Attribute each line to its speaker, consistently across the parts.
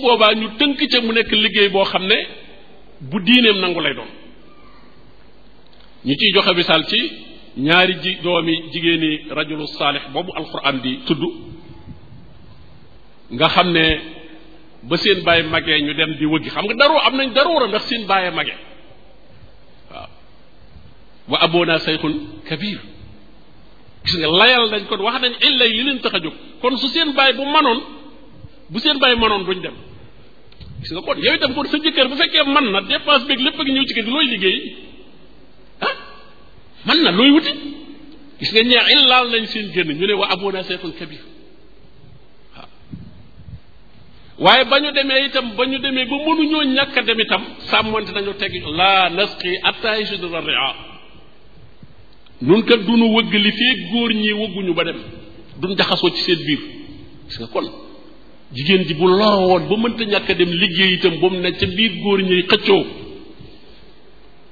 Speaker 1: boobaa ñu tënk ca mu nekk liggéey boo xam ne bu diineem nangu lay doon ñu ciy joxe misaal ci ñaari ji doomi jigéeni rajulu saalix boobu alquran di tudd nga xam ne ba seen bàyyi magee ñu dem di wëggi xam nga daroo am nañ daroora ndax seen bàyyi magee waaw wa aboona sayxun kabir gis nga layal nañ kon wax nañ illay li leen tax a jóg kon su seen bàyyi bu manoon bu seen bàyyi manoon duñ dem gis nga kon yow itam kon sa jëkkër bu fekkee man na dépense beeg lépp ak ñëw ci kër gi looy liggéey ah man na looy wuti gis nga ñaa laal nañ seen génn ñu ne waa abona seetun kabir waaw waaye demee itam ba ñu demee ba mënuñoo ñàkk a dem itam sàmmante nañu teg la nasqi attaay sudra ria nun kat duñu wëgg li fee góor ñi wëgguñu ba dem duñ jaxasoo ci seen biir gis nga kon jigéen ji bu loro woon ba mënta ñàkk a dem liggéey itam ba mu ne ca biir góor ñi xëccoo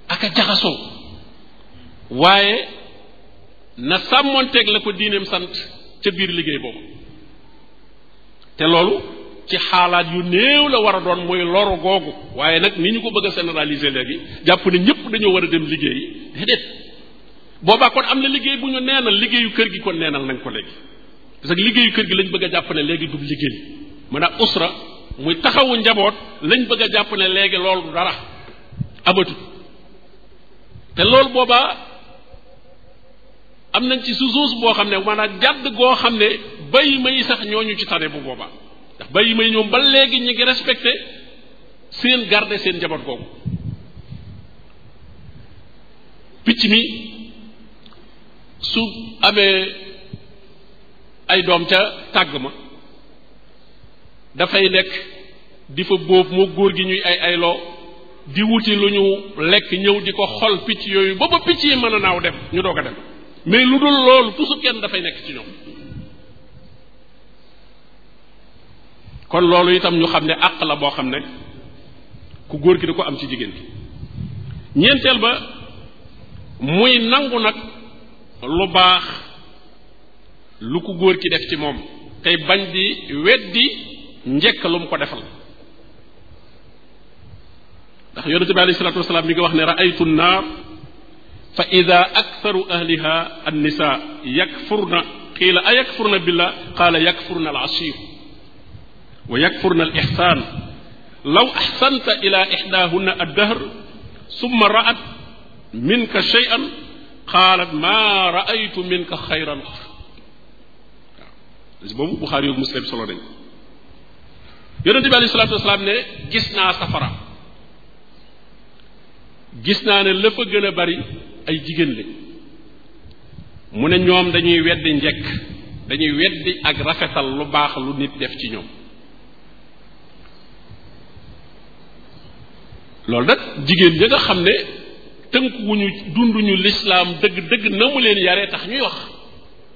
Speaker 1: ak a jaxasoo waaye na sàmmoon teg la ko diineem sant ca biir liggéey boobu te loolu ci xaalaat yu néew la war a doon mooy loru googu waaye nag ni ñu ko bëgg a généraliser léegi jàpp ne ñëpp dañoo war a dem liggéey déedéet boobaa kon am na liggéey bu ñu neenal liggéeyu kër gi kon neenal nañ ko léegi parce que liggéeyu kër gi lañ bëgg a jàpp ne léegi du liggéey maanaam usra muy taxawu njaboot lañ bëgg a jàpp ne léegi loolu dara abatut te loolu boobaa am nañ ci susuus boo xam ne maanaam jàdd goo xam ne bay may sax ñooñu ci tane bu boobaa ndax bay may ñoom ba léegi ñu ngi respecté seen garde seen njaboot googu picc mi su amee ay doom ca tàgg ma dafay nekk di fa bóof moo góor gi ñuy ay ayloo di wuti lu ñu lekk ñëw di ko xol picc yooyu ba ba picc yi mën a naaw dem ñu doog a dem mais lu dul loolu toujours kenn dafay nekk ci ñoom kon loolu itam ñu xam ne àq la boo xam ne ku góor gi di ko am ci jigéen gi ñeenteel ba muy nangu nag lu baax lu ku góor ki def ci moom tey bañ di weddi njëkk lu mu ko defal ndax yonente bi alayhi salatu wasalaam mi ngi wax ne raaytu nnaar fa ida aktharu ahliha annisa yakfurna qiila a yakfurna billah qaala yakfurna alasiir wa yakfurna alixsaan law axsanta ila ixdaahunna addahr summa ra'at minka shay'an qaalat maa ra'aytu minka xayran waaw boobu Buxaari yoog Muslim solo nañ yonente bi alei salatu wasalaam ne gis naa safara gis naa ne la fa gën a bari ay jigéen lañ mu ne ñoom dañuy weddi njekk dañuy weddi ak rafetal lu baax lu nit def ci ñoom loolu da jigéen ñi nga xam ne tënkuwuñu dunduñu lislaam dëgg-dëgg na mu leen yare tax ñuy wax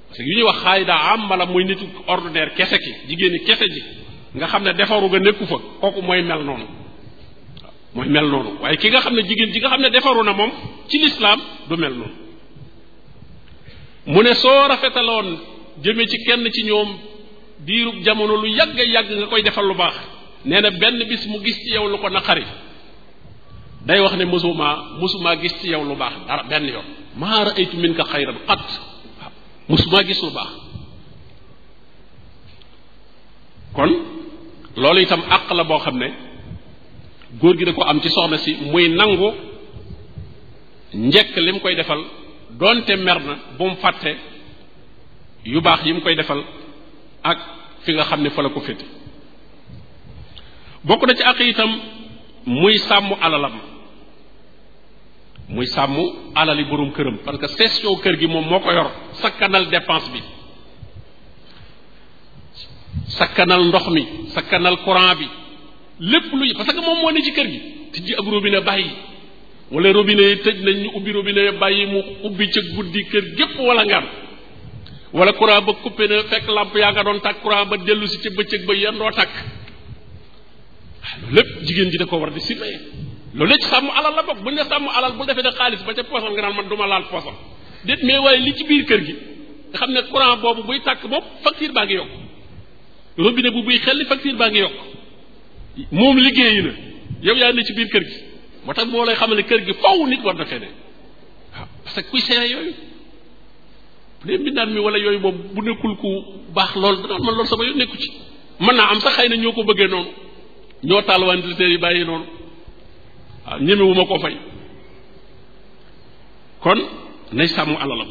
Speaker 1: parce que yu ñuy wax xaayida am muy nit ordinaire kese ki jigéen ñi kese ji nga xam ne defaru nga nekku fa kooku mooy mel noonu mooy mel noonu waaye ki nga xam ne jigéen ji nga xam ne defaru na moom ci lislaam du mel noonu mu ne soo rafetaloon jëme ci kenn ci ñoom diirub jamono lu yàgg yàgg nga koy defal lu baax nee na benn bis mu gis ci yow lu ko naqari day wax ne mësumaa mësumaa gis ci yow lu baax dara benn yoon maa raaytu min ka xayran qat waaw mësumaa gis lu baax kon loolu itam àq la boo xam ne góor gi da ko am ci soxna si muy nangu njëkk li koy defal doonte mer na bu mu fàtte yu baax yi mu koy defal ak fi nga xam ne fa la ko féete bokk na ci àq itam muy sàmm alalam muy sàmm alali borom këram parce que session kër gi moom moo ko yor sakkanal dépense bi sakkanal ndox mi sakkanal courant bi lépp luy parce que moom moo ne ci kër gi tijji ab robine bàyyi wala robine yi tëj nañ ñu ubbi robinet bàyyi mu ubbi ca guddi kër gépp wala ngaan wala courant ba coupé na fekk lamp yaa nga doon tàkk courant ba dellu si ca bëccëg ba yan doo tàkk ah, loolu lépp jigéen ji da ko war di surveiller loolu lépp sàmm alal la bokk bu ñu la sàmm alal bu defee ne xaalis ba ca poosam nga naan man du ma laal poosam déet mais ci biir kër gi nga xam ne courant boobu buy tàkk moom facture baa ngi yokk robinet bu buy xelli facture baa ngi yokk moom liggéeyi na yow yaa ne ci biir kër gi moo tax moo lay xamal ne kër gi faw nit war na fee ne waaw ah, parce que kuy seere yooyu bu dee mi wala yooyu moom bu nekkul ku baax lool danaan man loolu sama yoon nekku ci mën naa am sax xëy na ñoo ko bëggee noonu ñoo taal ventilateur yi bàyyi noonu waaw ah, ñemewu ma ko kon nay sàmm alalam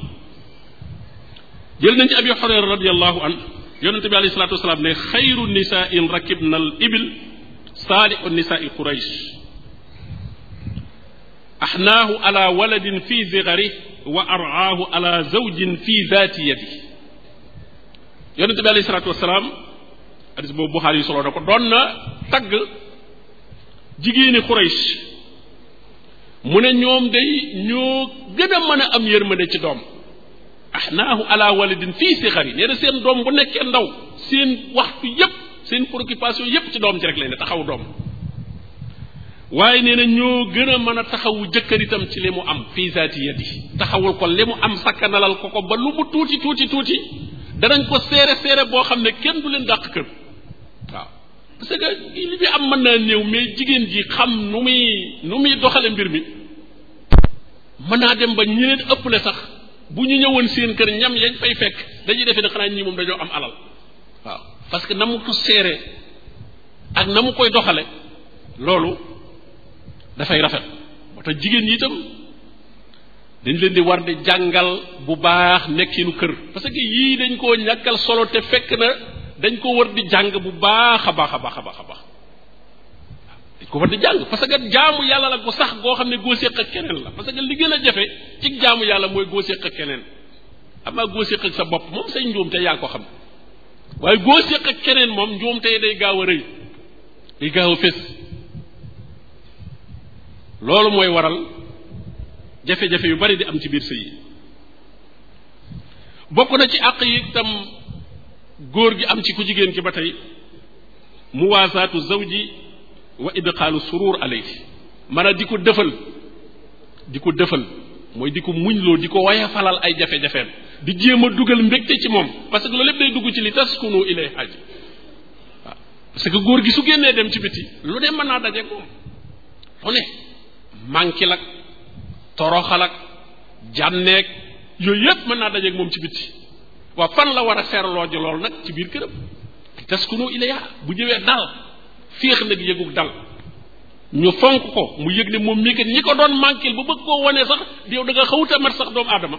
Speaker 1: jël nañ ci abi Hurayra radiyallahu an yonente bi alayhi salaatu wasalaam ne xayru nisaain rakibna al ibil saaliu nisaai quraysh axnaahu ala waladin fi zigari wa araahu ala zawjin fi daati yadi yonente bi alayhi salaatu wasalaam hadis boobu buxaari yi doon na tagg jigéeni quraysh mu ne ñoom day ñoo gën a mën am yërmande ci doom ahnaahu ala walidin fii sixari nee na seen doom bu nekkee ndaw seen waxtu yépp seen préoccupation yépp ci doom ji rek lay ne taxaw doom waaye nee na ñoo gën a mën a taxawu jëkkër itam ci li mu am fii zaati yadi taxawul ko li mu am sakkanalal ko ko ba lu mu tuuti tuuti tuuti danañ ko seere seere boo xam ne kenn du leen dàq kër waaw parce que li bi am mën naa néew mais jigéen ji xam nu muy nu muy doxale mbir mi mën naa dem ba ñi leen ëpple sax bu ñu ñëwoon seen kër ñam yañ fay fekk dañuy defe ne xanaa ñii moom dañoo am alal waaw parce que na mu ko seeree ak na mu koy doxale loolu dafay rafet moo tax jigéen ñi itam dañ leen di war di jàngal bu baax nekkinu kër parce que yii dañ koo ñàkkal solo te fekk na dañ koo war di jàng bu baax a baax a baax a baax a baax dañ ko war di jàng parce que jaamu yàlla la ko sax goo xam ne goo séq ak keneen la parce que li gën a jafe ci jaamu yàlla mooy goo séq ak keneen amaa goo séq sa bopp moom say njuum te yaa ko xam waaye goo séq keneen moom njuum tey day gaaw a rëy day gaaw a fés loolu mooy waral jafe-jafe yu bari di am ci biir sëy yi bokk na ci àq yi tam góor gi am ci ku jigéen ki ba tey muwaasaatu zawji wa idxaalu suruur alayhi maanaam di ko dëfal di ko dëfal mooy di ko muñloo di ko waye falal ay jafe-jafeem di jéem a dugal mbégte ci moom parce que loolu lépp day dugg ci li taskunu ilay xaaji parce que góor gi su génnee dem ci biti lu dee mën naa daje moom lu ne mànkil ak toroxal ak yooyu yépp mën naa dajeeg moom ci bitti waa fan la war a seerloo ji lool nag ci biir këram taskunu ilayha bu jëwee dal féex nag yëgug dal ñu fonk ko mu yëg ne moom mii kat ñi ko doon manqué ba bëgg koo wane sax yow da nga xawuta mat sax doomu adama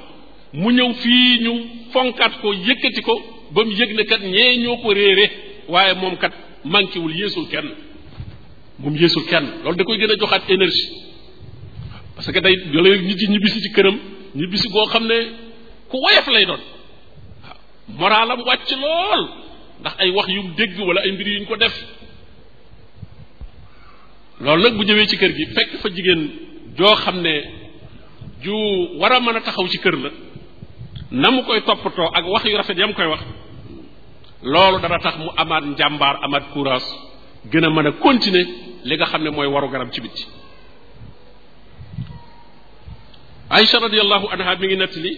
Speaker 1: mu ñëw fii ñu fonkat ko yëkkati ko ba mu yëg ne kat ñee ñoo ko réere waaye moom kat manqué wul yéesul kenn moom yéesul kenn loolu da koy gën a joxaat énergie parce que day jëlee nit yi ñibbisi ci këram ñibbisi goo xam ne ku woyof lay doon waaw moralam wàcc lool ndax ay wax yu mu dégg wala ay mbir yu ñu ko def loolu nag bu ñëwee ci kër gi fekk fa jigéen joo xam ne ju war a mën a taxaw ci kër la na mu koy toppatoo ak wax yu rafet yam koy wax loolu dara tax mu amaat njàmbaar amaat courage gën a mën a continuer li nga xam ne mooy waru garab ci bitti Aïcha radiyallahu anha mi ngi nettali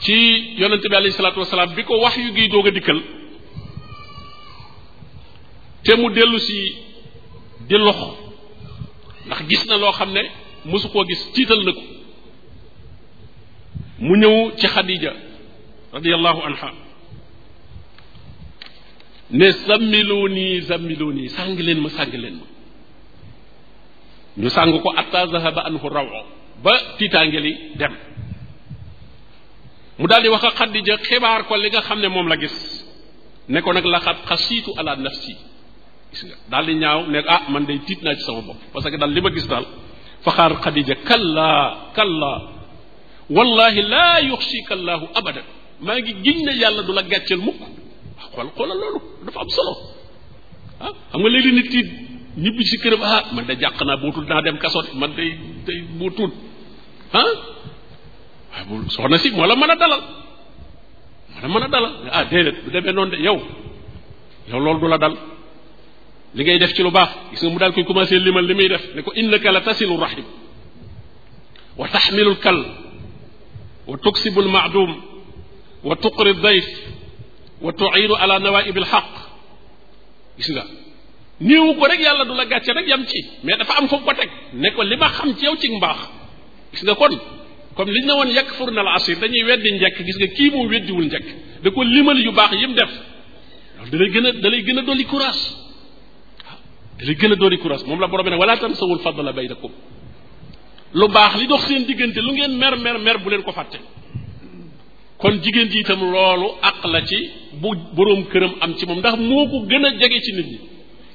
Speaker 1: ci yonente bi alayhi salaatu wasalaam bi ko wax yu gii doog a dikkal te mu dellu si di lox ndax gis na loo xam ne mosu koo gis tiital na ko mu ñëw ci xadija radiallahu anha ne zammiloo nii zammiloo leen ma sàng leen ma ñu sàng ko atta zahaba anhu rawo ba tiitaange li dem mu daal di wax a xadija xibaar ko li nga xam ne moom la gis ne ko nag laxat xasiitu ala nafsi gis daal di ñaaw ne ah man day tiit naa ci sama bopp parce que dal li ma gis daal faxaar xadija kallaa kallaa wallahi laa yuxsika allahu abadan maa ngi giñ ne yàlla du la gàcceel mukk ah, xool xoolal loolu dafa am solo ah, xam nga léegi nit ki ñibbi si këram ah man de jàq naa bootul naa dem kaso man day day bootul ah waaye bu soxna si moo la mën a dalal moo la mën a dalal ah du demee noonu de yow yow loolu du la dal li ngay def ci lu baax gis nga mu daal koy commencé limal li muy def ne ko innaka la tasilu rahim wa taxmilu lkal wa tuksibu lmaadum wa tuqri dayf wa tuinu ala nawaib lxaq gis nga néewu ko rek yàlla du la gàcce rek yam ci mais dafa am foofu ko teg ne li ma xam ci ci mbaax gis nga kon comme liñ ne woon yàq fur na la asir dañuy weddi gis nga kii moom weddiwul njekk da ko limal yu baax yim def loolu da lay gën a da lay gën a dolli courage li gën a doori courage moom la borom bi ne wala tansawul fadla baynakum lu baax li dox seen diggante lu ngeen mer mer mer bu leen ko fàtte kon jigéen ji itam loolu àq la ci bu boroom këram am ci moom ndax moo ko gën a jege ci nit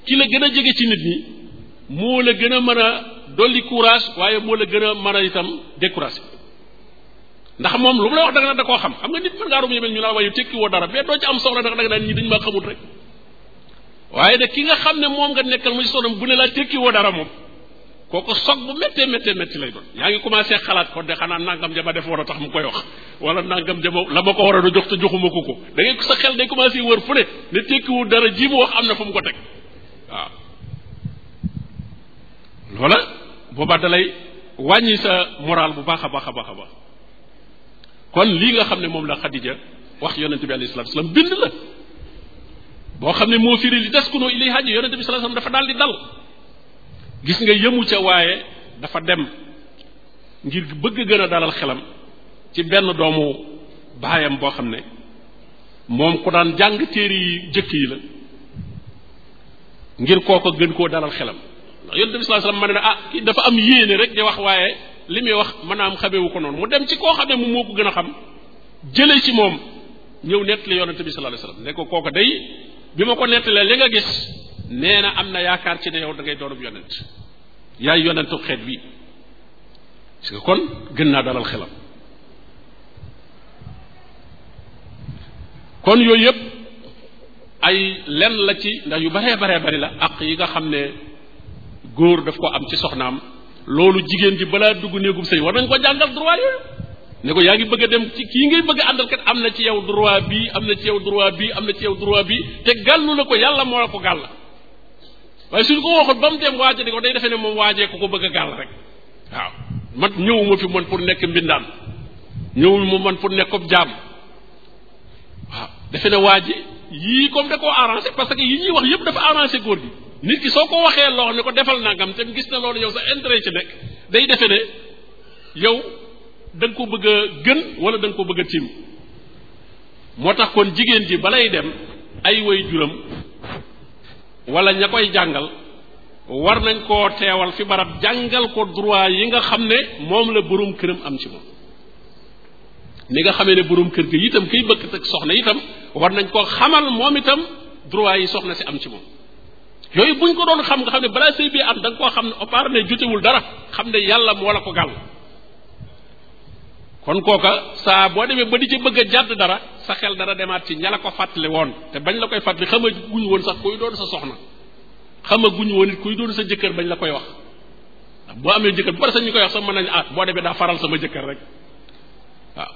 Speaker 1: ñi la gën a jege ci nit ñi moo la gën a man a dolli courage waaye moo la gën a mën a itam découragé ndax moom lu mu la wax da nga da koo xam xam nga nit mën ngaa rom yebel ñu la wayu tekki woo dara mais doo ci am soxla ndax da ñi dañ maa xamut rek waaye nag ki nga xam ne moom nga nekkal muy sonam bu ne laa tekki woo dara moom kooku soog bu méttee méttee métti lay doon yaa ngi commencé xalaat de xanaa nangam jama def war a mu koy wax wala nangam jama la ma ko war a jox te joxuma ko ko da ngay sa day commencé wër fu ne ne tekkiwul dara ji mu wax am na ko teg waaw loola wàññi sa moral bu baax a baax a a baax kon lii nga xam ne moom la Xadija wax yonente bi alayhi salaatu salaam bind la boo xam ne moo firi li taskunoo ilayhaa ji yonente bi sallallahu alayhi wasallam dafa daal di dal gis nga yëmu ca waaye dafa dem ngir bëgg gën a dalal xelam ci benn doomu baayam boo xam ne moom ku daan jàng téere yi jëkk yi la ngir kooko gën koo dalal xelam ndax yonente bi sallallahu alayhi ma ne ne ah kii dafa am yéene rek di wax waaye li muy wax maanaam xamewu ko noonu mu dem ci koo xam ne mu moo ko gën a xam jëlee ci moom ñëw nett li yonente bi sallallahu alayhi wasallam ko kooko day bi ma ko nettalee li nga gis nee na am na yaakaar ci ne yow dangay ngay doonub yonent yaay yonentu xeet wi parce que kon gën naa dalal xelam kon yooyu yëpp ay lenn la ci ndax yu baree baree bari la ak yi nga xam ne góor daf ko am ci soxnaam loolu jigéen ji balaa dugg néegum sëy war nañ ko jàngal droit yooyu ne ko yaa ngi bëgg a dem ci kii ngay bëgg a àndal am na ci yow droit bi am na ci yow droit bi am na ci yow droit bi te gàllu la ko yàlla moo la ko gàll waaye ñu ko waxoon ba mu dem waaje di ko day defee ne moom waajee ko ko bëgg a gàll rek waaw man ñëwuma fi man pour nekk mbindaan ñëwuma man pour nekk ab jàmm waaw defe ne waaje yii comme da koo arrangé parce que yi ñuy wax yëpp dafa arrangé góor gi nit ki soo ko waxee loxo ne ko defal nangam te gis na loolu yow sa intérêt ci nekk day defe ne yow da ko bëgg a gën wala da nga ko bëgg a moo tax kon jigéen ji balay dem ay way juram wala ña koy jàngal war nañ koo teewal fi barab jàngal ko droit yi nga xam ne moom la borom këram am ci moom ni nga xamee ne borom kër gi itam kiy bëgg ak soxna itam war nañ koo xamal moom itam droit yi soxna si am ci moom yooyu buñ ko doon xam nga xam ne balaa sëy bi am da koo xam ne opar ne jotewul dara xam ne yàlla moo la ko gàll kon kooka saa boo demee ba di ca bëgg a jàdd dara sa xel dara demaat ci ña la ko fàttali woon te bañ la koy fàttali xama guñu woon sax kuy doon sa soxna xama guñu woon it kuy doon sa jëkkër bañ la koy wax boo amee jëkkër bu pare sax ñu koy wax sax mën nañu at ah, boo demee daa faral sama jëkkër rek waaw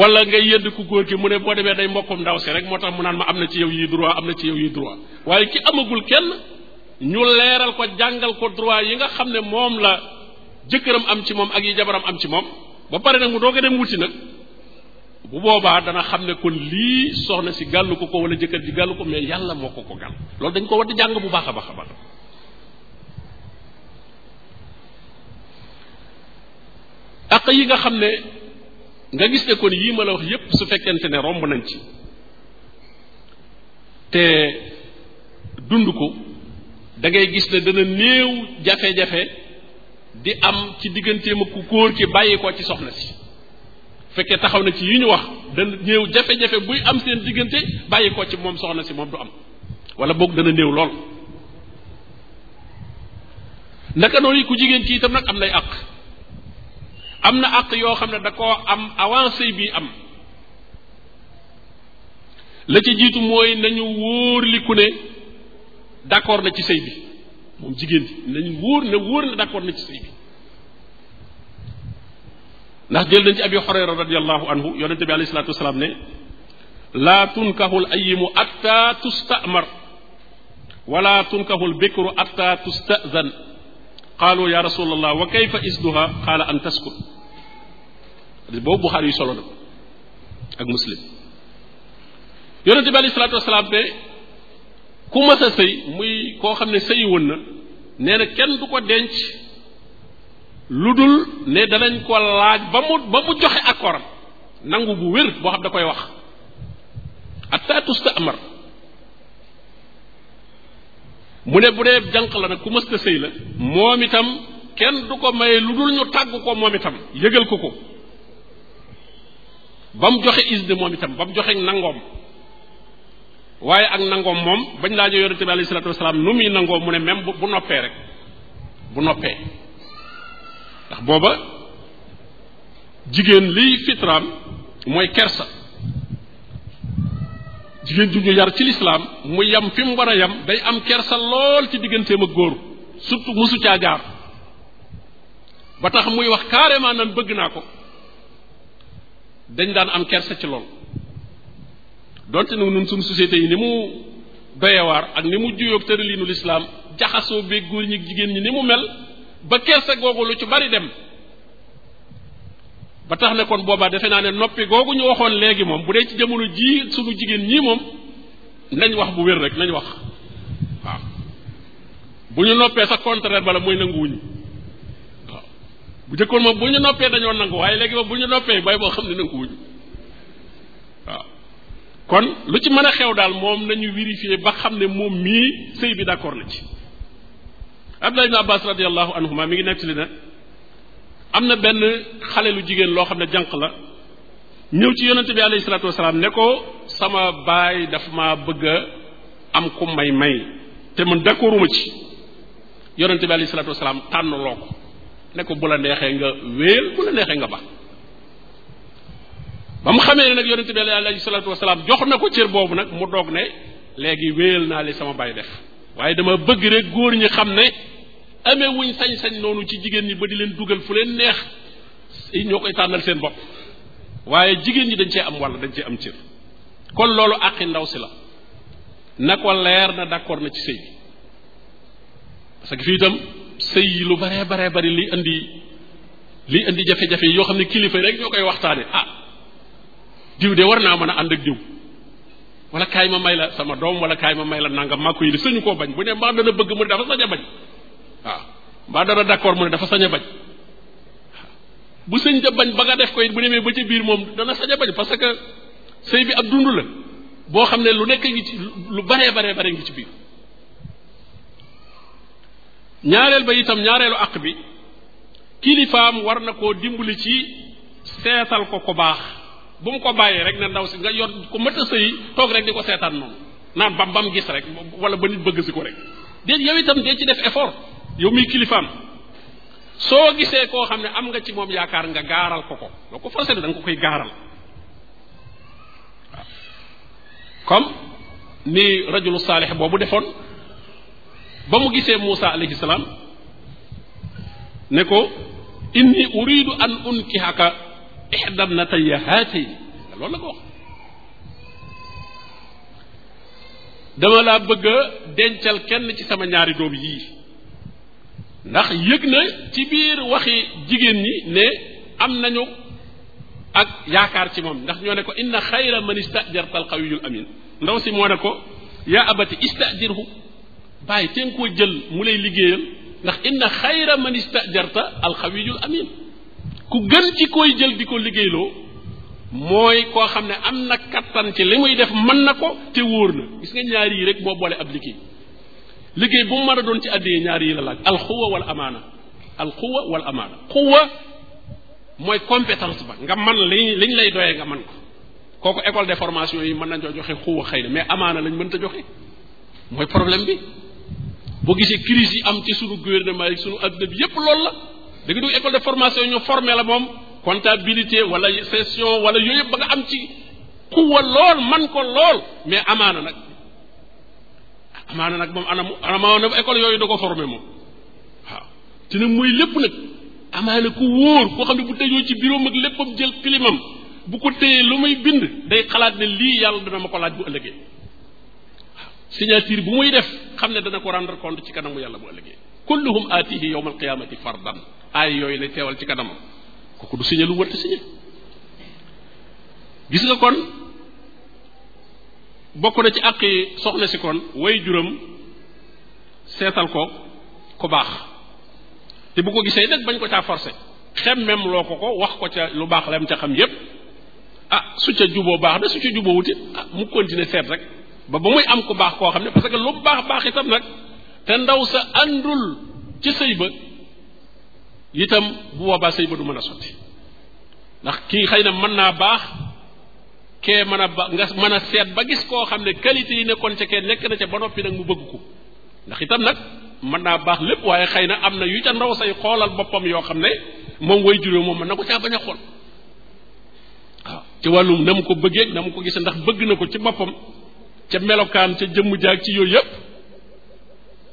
Speaker 1: wala ngay yedd ku góor ki mu ne boo demee day mbokkum ndaw si rek moo tax mu naan ma am na ci yow yi droit am na ci yow yi droit waaye ki amagul kenn ñu leeral jàngal ko droit yi nga xam ne moom la jëkkëram am ci moom ak yi jabaram am ci moom ba pare nag mu doo a dem wuti nag bu boobaa dana xam ne kon lii soxna si gàllu ko ko wala jëkkër ji gàllu ko mais yàlla moo ko ko gàll loolu dañ ko war di jàng bu baax a baax a baax àq yi nga xam ne nga gis ne kon yii ma la wax yépp su fekkente ne romb nañ ci te dund ko da ngay gis ne dana néew jafe-jafe di am ci diggante digganteem ku góor ki bàyyi ko ci soxna si fekkee taxaw na ci yu ñu wax dana néew jafe-jafe buy am seen diggante bàyyi ko ci moom soxna si moom du am wala boog dana néew lool naka noonu yi ku jigéen ci itam nag am nay àq am na àq yoo xam ne da koo am avant avancé bi am la ca jiitu mooy nañu wóor li ku ne d'accord na ci sëy bi moom jigéen ji nañu wóor ne wóor na d'accord na ci sëy bi ndax jël nañ ci abi xoreyra radiallahu anhu yonente bi alayhi salatu wasalaam ne laa tunkahul ayimu atta tustamar wala tunkahul bikru atta tustazan qaalu ya rasulallah wa kayfa isduha qaala an taskut boobu buxaar yu solo na ak muslim yonente bi alayhi salatu wasalaam ne ku mas a sëy muy koo xam ne sëyi woon na nee na kenn du ko denc lu dul ne danañ ko laaj ba mu ba mu joxe accord nangu bu wér boo xam da koy wax atta tustamar mu ne bu dee jànq la nag ku mës a sëy la moom itam kenn du ko may lu dul ñu tàgg ko moom itam yëgal ko ko ba mu joxe isne moom itam ba mu joxe nangoom waaye ak nangoom moom bañ laajee yonente bi alayhi salatu wasalaam nu muy nangoo mu ne même bu noppee rek bu noppee ndax booba jigéen liy fitraam mooy kersa jigéen ju ñu yar ci lislaam mu yam fi mu war a yam day am kersa lool ci digganteem ak góor surtout mosu caa jaar ba tax muy wax carrément nan bëgg naa ko dañ daan am kersa ci lool donte nag nun suñu société yi ni mu doyewaar ak ni mu juyoog tëraliinu lislaam jaxasoo beeg góor ñi jigéen ñi ni mu mel ba kersa googu lu ci bari dem ba tax nekkoon boobaa defe naa ne noppi googu ñu waxoon léegi moom bu dee ci jamono jii suñu jigéen ñii moom nañ wax bu wér rek nañ wax waaw bu ñu noppee sa contraire bala mooy nanguwuñu waaw bu jëkkoon moom bu ñu noppee dañoo nangu waaye léegi moom bu ñu noppee bay boo xam ne nanguwuñu kon lu ci mën a xew daal moom nañu vérifier ba xam ne moom mii sëy bi d'accord na ci Abdullah ibn Abbas radiallahu anhuma mi ngi nekk li na am na benn xale lu jigéen loo xam ne jànq la ñëw ci yonente bi alayhi salaatu wasalaam ne ko sama baay dafa ma bëgg a am ku may may te man d'accorduma ci yonente bi alayhi salaatu wasalaam tànn loo ko ne ko bu la neexee nga wéel bu la neexee nga ba ba mu xamee ne nag yonente bi alayhi salaatu wasalaam jox na ko cër boobu nag mu doog ne léegi wéyal naa li sama baay def waaye dama bëgg rek góor ñi xam ne amewuñ wuñ sañ-sañ noonu ci jigéen ñi ba di leen dugal fu leen neex ñoo koy tànnal seen bopp waaye jigéen ñi dañ cee am walla dañ cee am cër kon loolu àqi ndaw si la na ko leer na d'accord na ci sëy bi parce que fii itam sëy yi lu baree baree bari li indi li indi jafe-jafe yi yoo xam ne kilifa rek ñoo koy waxtaanee ah diw de war naa mën a ànd ak diw wala kaay ma may la sama doom wala kaay ma may la nangam maa ko yéene sëñu koo bañ bu ne mbaa dana bëgg mu ne dafa sañ a bañ waaw mbaa dana mu ne dafa sañ a bañ bu sëñ da bañ ba nga def ko it bu demee ba ci biir moom dana sañ a bañ parce que sëy bi ak dund la boo xam ne lu nekk ngi ci lu baree baree bare ngi ci biir ñaareel ba itam ñaareelu àq bi kilifaam war na koo dimbali ci seetal ko ko baax bu mu ko bàyyee rek ne ndaw si nga yor ko mët a sëy toog rek di ko seetaan noonu naan bam bam gis rek wala ba nit bëgg si ko rek déet yow itam dee ci def effort yow muy kilifaam soo gisee koo xam ne am nga ci moom yaakaar nga gaaral ko ko doo ko forcé da nga ko koy gaaral comme ni rajulu saalix boobu defoon ba mu gisee Muusa alayhi salaam ne ko inni uridu an unkihaka ixdar na tey haatay loolu la ko wax dama laa bëgg a dencal kenn ci sama ñaari doom yii ndax yëg na ci biir waxi jigéen ñi ne am nañu ak yaakaar ci moom ndax ñoo ne ko inna xayra man istajarta alqawiyul amin ndaw si moo ne ko yaa abati istajirhu bàyyi teen koo jël mu lay liggéeyal ndax inna xayra man istajarta alqawiyul amin ku gën ci koy jël di ko liggéeyloo mooy koo xam ne am na kattan ci li muy def mën na ko te wóor na gis nga ñaar yi rek boo boole ab liggéey liggéey bu mu mën a doon ci àddee ñaar yi la laaj alxuwa wal amaana alxuwa wal amaana xuwa mooy compétence ba nga man li liñ lay doyee nga man ko kooku école de formation yi mën nañ koo joxe xuwa xëy na mais amaana lañ mënta joxe mooy problème bi boo gisee crise yi am ci sunu gouvernement yi sunu adduna bi yépp loolu la da nga dugg école de formation ñu formé la moom comptabilité wala gestion wala yooyu yëpp ba nga am ci kuwa lool man ko lool mais amaana nag amaana nag moom anam amaana école yooyu da ko formé moom waaw ci nag mooy lépp nag amaana ku wóor koo xam ne bu tëjoo ci bureau mag léppam jël climam bu ko téyee lu muy bind day xalaat ne lii yàlla dana ma ko laaj bu ëllëgee signature bu muy def xam ne dana ko rendre compte ci kanam kanamu yàlla bu ëllëgee kulluhum aatihi yowma alqiyamati fardan aay yooyu lay teewal ci kanamam kooku du signé lu wërta signé gis nga kon bokk na ci àqi soxna si kon woy juram seetal ko ku baax te bu ko gisee nag bañ ko caa forcé xemmem loo ko ko wax ko ca lu baax lam ca xam yépp ah su ca juboo baax ne su ca juboo wutit ah mu continuer seet rek ba ba muy am ku baax koo xam ne parce que lu baax baax tam nag te ndaw sa àndul ci sëy ba itam bu boobaa sëy ba du mën a sotti ndax kii xëy na mën naa baax kee mën a ba nga mën a seet ba gis koo xam ne qualité yi nekkoon ca kee nekk na ca ba noppi nag mu bëgg ko ndax itam nag mën naa baax lépp waaye xëy na am na yu ca ndaw say xoolal boppam yoo xam ne moom way juree moom mën na ko caa bañ a xool waaw ci wàllum na mu ko bëggee na mu ko gisee ndax bëgg na ko ci boppam ca melokaan ca jëmm jaag ci yooyu yëpp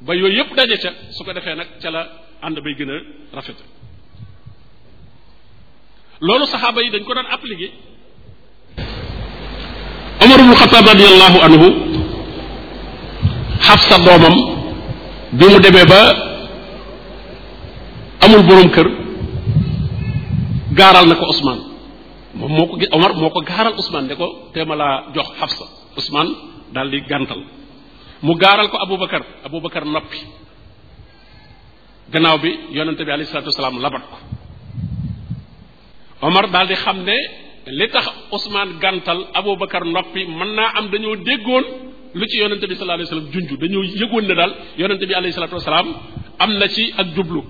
Speaker 1: ba yooyu yëpp daje ca su ko defee nag ca la ànd bay gën a rafet loolu saxaaba yi dañ ko doon appliqué Omar ibnu Xataab radiallahu anhu Xafsa doomam bi mu demee ba amul boroom kër gaaral na ko osmaan moom moo ko Omar moo ko gaaral Ousmane de ko téema laa jox Xafsa osmaan daal di gàntal mu gaaral ko Aboubacar Aboubacar noppi gannaaw bi yonente bi alayhi salaatu wasalaam labat ko Omar daal di xam ne li tax Ousmane gàntal Aboubacar noppi mën naa am dañoo déggoon lu ci yonente bi sa alayhi wasallam junj dañoo yëgoon ne daal yonente bi alayhi salaatu wasalaam am na ci ak jublu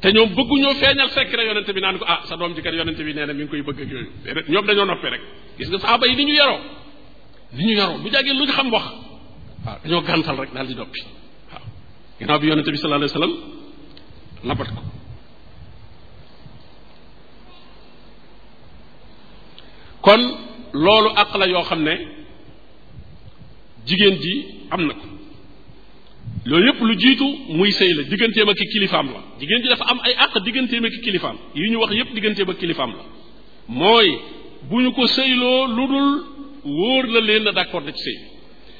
Speaker 1: te ñoom bëgguñoo feeñal secret yonente bi naan ko ah sa doom ji kat yonente bi nee na mi ngi koy bëgg ak yooyu déedéet ñoom dañoo noppi rek gis nga saaba yi ni ñu yaroo ni ñu yaroo bu jàggee lu ñu xam wax waaw dañoo gàntal rek daal di noppi waaw ginnaaw bi yonente bi sallallahu alayhi wasallam ko kon loolu àq la yoo xam ne jigéen ji am na ko loolu yépp lu jiitu muy sëy la digganteem ak kilifaam la jigéen ji dafa am ay àq digganteem ak kilifaam yi ñu wax yépp digganteem ak kilifaam la mooy bu ñu ko sëyloo lu dul wóor la leen na d'accord na ci sëy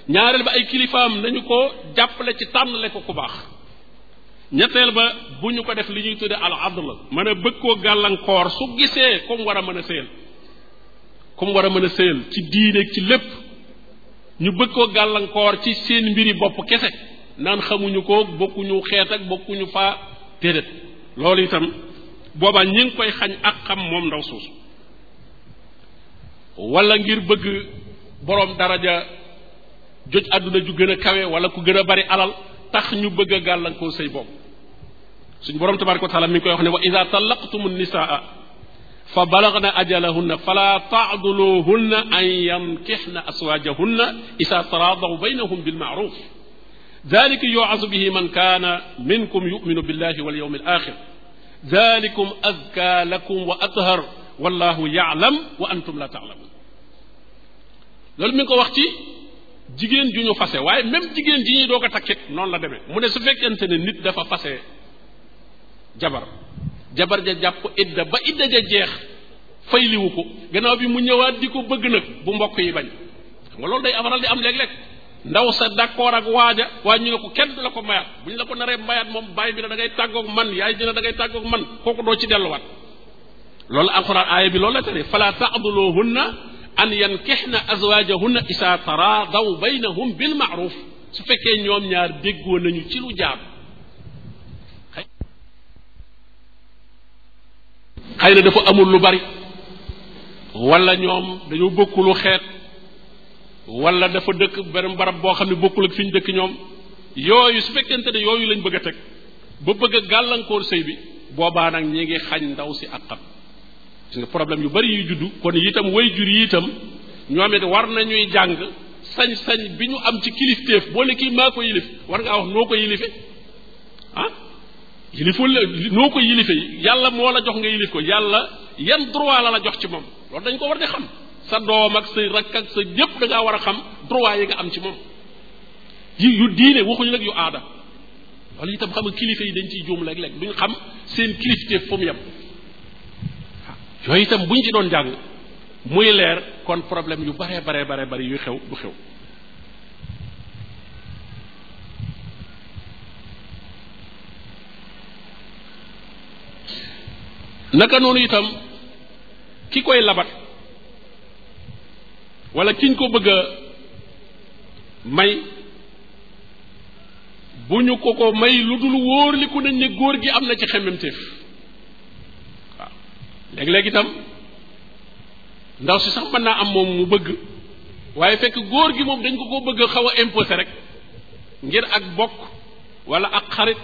Speaker 1: ñaareel ba ay kilifaam nañu ko jàppale ci tànnale ko ku baax ñetteel ba bu ñu ko def li ñuy tudde al adl mën a bëgg koo gàllankoor su gisee comme war a mën a sëyal comme war a mën a sëyal ci diineeg ci lépp ñu bëgg koo gàllankoor ci seen mbiri bopp kese naan xamuñu ko bokkuñu xeet ak bokkuñu faa déedéet loolu itam boobaa ñi ngi koy xañ ak xam moom ndaw suusu wala ngir bëgg boroom daraja joj àdduna ju gën a kawe wala ku gën a bari alal tax ñu bëgg a gàllankoo sëy boobu suñu borom tabaraka wa taala mi ngi koy wax ne wa ida talaqtumu nisaa fa balagna ajalahunna fala taaduluhunna an yankixna aswaajahunna isa taraadaw baynahum bilmaaruf dalika yuazu bihi man kaana minkum yuminu billahi wal yawmi al axir dalikum azka lakum wa athar wallahu yaalam wa antum la taalamun loolu mi ngi ko wax ci jigéen ju ñu fase waaye même jigéen ji ñuy doo a takkit noonu la demee mu ne su fekkente ne nit dafa fase jabar jabar ja jàpp idda ba idda ja jeex fayliwu ko gannaaw bi mu ñëwaat di ko bëgg nag bu mbokk yi bañ xam nga loolu day amaral di am léeg-léeg ndaw sa d'accord ak waaja waaye ñu ne ko kenn du la ko mayaat bu ñu la ko naree mayaat moom bàyyi bi ne da ngay tàggoog man yaay ji ne da ngay man kooku doo ci delluwaat loolu alxuraan aaya bi loolu la tere fala ta'duluhunna an yankixna azwaajahunna isaa taraadaw baynahum bil ma'ruf su fekkee ñoom ñaar déggoo nañu ci lu jaab xëy na dafa amul lu bari wala ñoom dañoo bokkulu xeet wala dafa dëkk beneen barab boo xam ne bokkul ak fi ñu dëkk ñoom yooyu su fekkente ne yooyu lañ bëgg a teg ba bëgg a gàllankoor sëy bi boobaa nag ñi ngi xañ ndaw si àqam gis nga problème yu bari yuy juddu kon itam way jur yi itam ñoom it war nañuy jàng sañ-sañ bi ñu am ci kilifteef boo ne kii maa ko yilif war ngaa wax noo ko yilife ah yiliful noo ko yilife yàlla moo la jox nga yilif ko yàlla yan droit la la jox ci moom loolu dañ ko war di xam sa doom ak sa rakk ak sa ñépp da war a xam droit yi nga am ci moom yu yu diine waxuñu nag yu aada loolu itam xam nga kilifa yi dañ ciy juum léeg-léeg duñ xam seen kilifteef fu yooyu itam buñ ci doon jàng muy leer kon problème yu baree baree baree bari yu xew bu xew naka noonu itam ki koy labat wala kiñ ko bëgg a may bu ñu ko ko may lu dul wóor nañ ne góor gi am na ci xemmemteef léeg-léeg itam ndaw si sax mën naa am moom mu bëgg waaye fekk góor gi moom dañ ko ko bëgg xaw a imposé rek ngir ak bokk wala ak xarit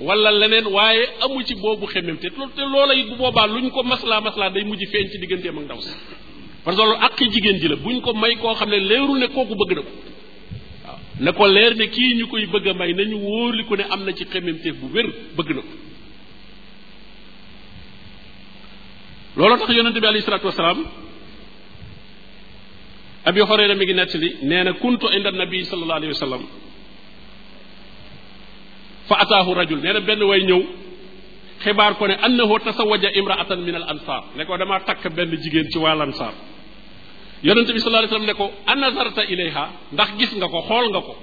Speaker 1: walla leneen waaye amu ci boobu xemmem te te loola it bu boobaa luñ ko maslaa maslaa day mujj feeñ ci digganteem ak ndaw si parce que loolu àqi jigéen ji la buñ ko may koo xam ne leerul ne kooku bëgg na ko waaw ne ko leer ne kii ñu koy bëgg a may na ñu ko ne am na ci xemmemteef bu wér bëgg na ko looloo tax yonente bi alayhi salatu abi xoreyra mi ngi nettali nee na kuntu inda nabi sallallahu alayhi wa sallam fa ataahu rajul nee benn way ñëw xibaar ko ne annahu tasawaja imraatan min al ansar ne ko damaa takk benn jigéen ci waa ansaar yonente bi sallallahu alayhi ne ko anazarta ilayha ndax gis nga ko xool nga ko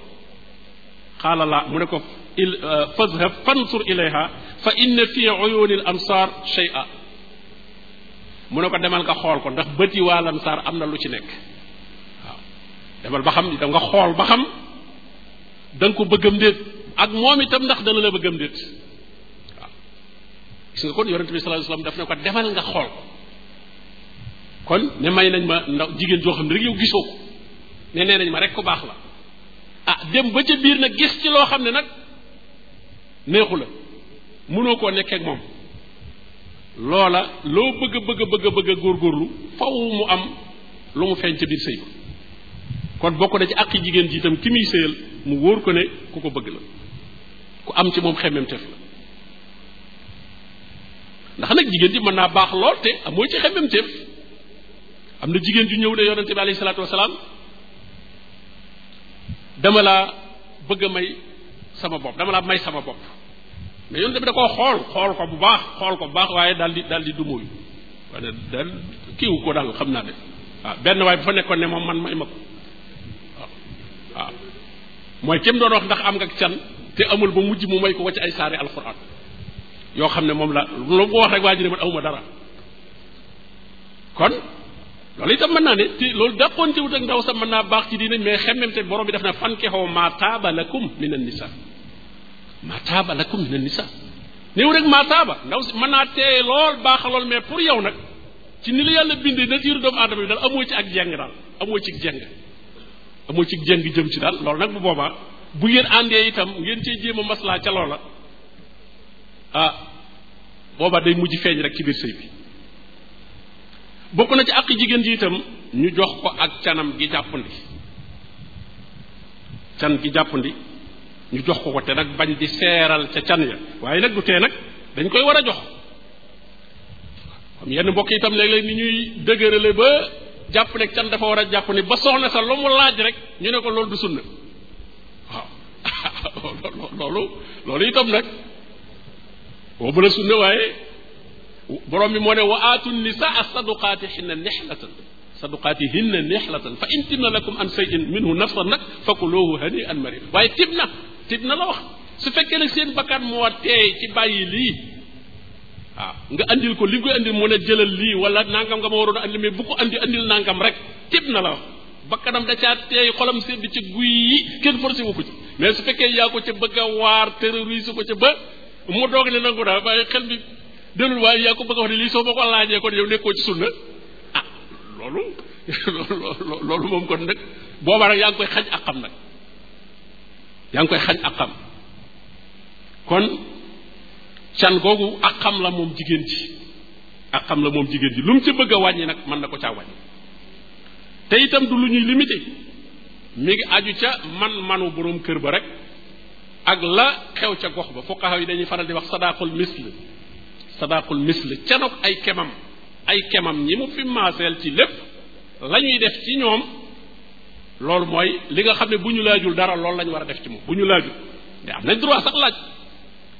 Speaker 1: qaala la mu ne ko euh, fazhab fansur ilayha fa inna fi uyuni al amsar mu ne ko demal nga xool ko ndax bëti waa lansaar am na lu ci nekk waaw demal ba xam da nga xool ba xam da ko bëggam déet ak moom itam ndax dana la bëggam déet waaw gis nga kon yonente bi sallallahu alayhi wasallam daf ne ko demal nga xool ko kon ne may nañ ma ndaw jigéen joo xam ne rek yow gisoo ko ne nee nañ ma rekk ko baax la ah dem ba ca biir nag gis ci loo xam ne nag neexu la mënoo koo nekkeek moom loola loo bëgg bëgg bëgg bëgg góor góorlu faw mu am lu mu feeñ ca biir sëy kon bokk na ci àqi jigéen ji itam ki muy sëyal mu wóor ko ne ku ko bëgg la ku am ci moom xemmem la ndax nag jigéen ji mën naa baax lool te amoo ci xemmem teef am na jigéen ju ñëw ne yonente bi alayhi salaatu wasalaam dama laa bëgg a may sama bopp dama laa may sama bopp mais yonent bi da koo xool xool ko bu baax xool ko bu baax waaye daal di daal di dumuy waaye daal kiiwu ko daal xam naa ne waaw benn waaye bu fa nekkoon ne moom man may ma ko waaw mooy kéem doon wax ndax am nga can te amul ba mujj mu may ko ci ay saari alxuraan yoo xam ne moom la lu ko wax rek waa ji ne man awma dara kon loolu tam mën naa ne te loolu dàqoon ci wut ak ndaw sa mën naa baax ci diinañ mais xemmemte borom bi def na fankihu maa taaba lakum minan nisaa mataaba lakum mina nisa néew rek mataaba ndaw si mën naa teeye lool baaxa lool mais pour yow nag ci ni la yàlla bindee nature doomu aadama bi daal amoo ci ak jeng daal amoo ci jeng amoo ci jeng jëm ci daal lool nag bu boobaa bu ngeen àndee itam ngeen cee jéem a maslaa ca la ah boobaa day mujj feeñ rek ci biir sëy bi bokk na ci àq jigéen ji itam ñu jox ko ak canam gi jàppandi can gi jàppandi ñu jox ko ko te nag bañ di seeral ca can ya waaye nag du tee nag dañ koy war a jox am yenn mbokk yi tam léeg-léeg ni ñuy dëgërale ba jàpp ne can dafa war a jàpp ni ba soxna sa lu mu rek ñu ne ko loolu du sunna loolu loolu itam nag boobu la sunna waaye borom bi moo ne wa aatu nisaa saduqaati hinna nihlatan saduqaati hinna nihlatan fa in tibna lakum an shay'in minhu nafsan nag fakuluhu hani'an mari'a waaye tib na te na la wax su fekkee nag seen bakkan moo teey ci bàyyi lii waaw nga andil ko li nga koy andil mu jëlal lii wala nangam nga ma waroon a andil mais bu ko andi nangam rek tib na la wax bakkanam da caa teey xolam sedd ci guy yi kenn wu ko ci mais su fekkee yaa ko ca bëgg a waar ko ca ba mu doog ne nangu daal waaye xel bi delul waaye yaa ko bëgg a wax ko laajee kon yow nekkoo ah, loolu loolu moom kon nag booba nag yaa ngi koy xaj ak xam nag yaa ngi koy xañ àqam kon can googu xam la moom jigéen ji ak xam la moom jigéen ji lu mu ci bëgg a wàññi nag mën na ko caa wàññi te itam du lu ñuy limité mi ngi aju ca man-manu boroom kër ba rek ak la xew ca gox ba fuqaha yi dañuy faral di wax sadaqul misl sadaqul misl canoog ay kemam ay kemam ñi mu fi maaseel ci lépp la def ci ñoom loolu mooy li nga xam ne bu ñu laajul dara loolu lañ war a def ci moom bu ñu laajul mais am nañ droit sax laaj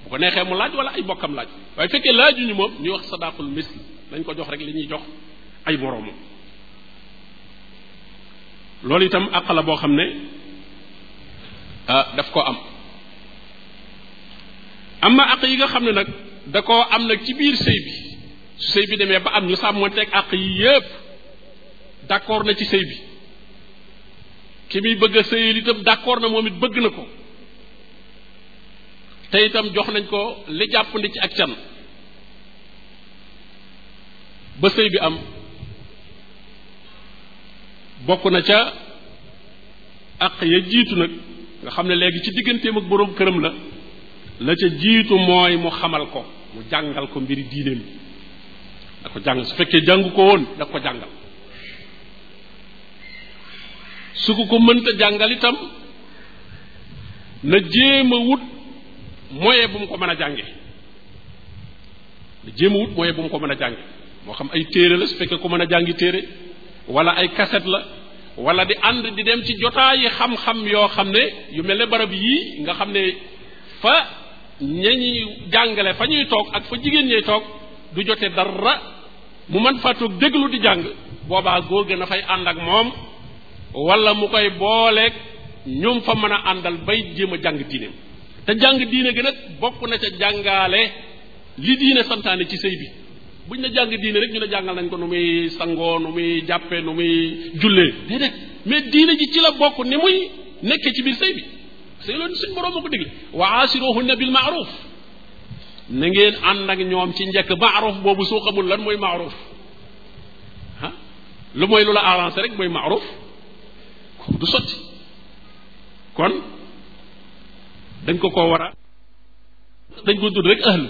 Speaker 1: bu ko neexee mu laaj wala ay bokkam laaj waaye fekkee laajuñu moom ñuy wax sadaqul misl lañ ko jox rek li ñuy jox ay moroomam loolu itam àq la boo xam ne ah, daf ko am am na àq yi nga xam ne nag da koo am nag ci biir sëy bi su sëy bi demee ba am ñu sàmmonteeg àq yi yépp d'accord na ci sëy bi ki muy bëgg a sëyal itam d'accord na moom it bëgg na ko te itam jox nañ ko li jàppandi ci ak can ba sëy bi am bokk na ca ak ya jiitu nag nga xam ne léegi ci digganteem ak boroom këram la la ca jiitu mooy mu xamal ko mu jàngal ko mbiri diineem da ko jàng su fekkee jàngu ko woon da ko jàngal su ko ko mënta jàngal itam na jéem a wut moyen bu mu ko mën a jànge na jéem a wut moyen ko mën a jànge moo xam ay téere la su fekkee ko mën a jàngi téere wala ay kaset la wala di ànd di dem ci jotaayi xam-xam yoo xam ne yu mel ne barab yii nga xam ne fa ñañuy jàngale fa ñuy toog ak fa jigéen ñay toog du jote dara mu mën faa toog déglu di jàng boobaa góor gën a fay ànd ak moom wala mu koy booleeg ñoom fa mën a àndal bay jéem a jàng diine te jàng diine gi nag bokk na ca jàngaale li diine santaane ci sëy bi buñ la jàng diine rek ñu ne jàngal nañ ko nu muy sangoo nu muy jàppee nu muy jullee déedéet mais diine ji ci la bokk ni muy nekkee ci biir sëy bi sëy loolu suñ borom moo ko digle wa asiruhunna bil ma'ruf na ngeen ànd ak ñoom ci njekk maaruf boobu soo xamul lan mooy maaruf ah? lu mooy lu la arrangé rek mooy maaruf du sotti kon dañ ko ko war dañ ko tudd rek ahlu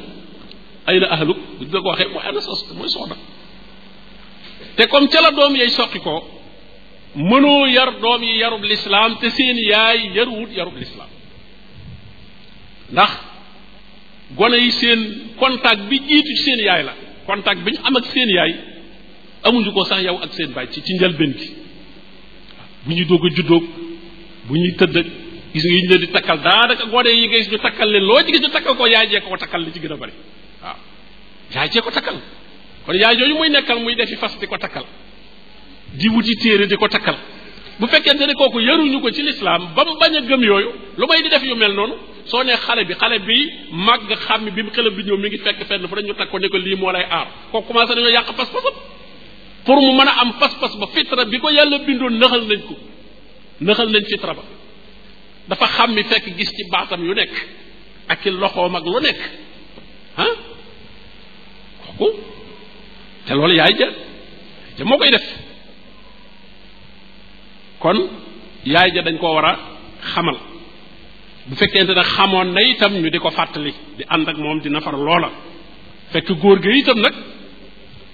Speaker 1: ay na ahlu buñ la ko waxee mooy ana sos mooy soxna te comme ca la doom yay soqi ko mënoo yar doom yi yarub lislaam te seen yaay yaruwut yarub lislaam ndax gone yi seen contact bi jiitu seen yaay la contact bi ñu am ak seen yaay amuñu ko sax yow ak seen baay ci ci njëlbeen gi bu ñuy doog a juddoog bu ñuy tëdd gis nga yi ñu leen di takkal daanaka gone yi nga gis ñu takkal leen loo ci gis ñu takkal ko yaay jee ko takkal li ci gën a bari waaw yaay jee ko takkal kon yaay jooju muy nekkal muy defi fas di ko takkal di wuti téere di ko takkal bu fekkente ne kooku yaruñu ko ci lislaam ba mu bañ a gëm yooyu lu may di def yu mel noonu soo nee xale bi xale bi màgg xam bi mu xelam bi ñëw mi ngi fekk fenn fu dañu takk ko ne lii moo lay aar kooku commencé nañoo yàq pas-pasam pour mu mën a am pas-pas ba fitra bi ko yàlla bindoon nëxal nañ ko nëxal nañ fitra ba dafa xam mi fekk gis ci baatam yu nekk ak i loxoom ak lu nekk ah kooku te loolu yaay ja ja moo koy def kon yaay ja dañ koo war a xamal bu fekkente ne xamoon na itam ñu di ko fàttali di ànd ak moom di nafar loola fekk góor gi itam nag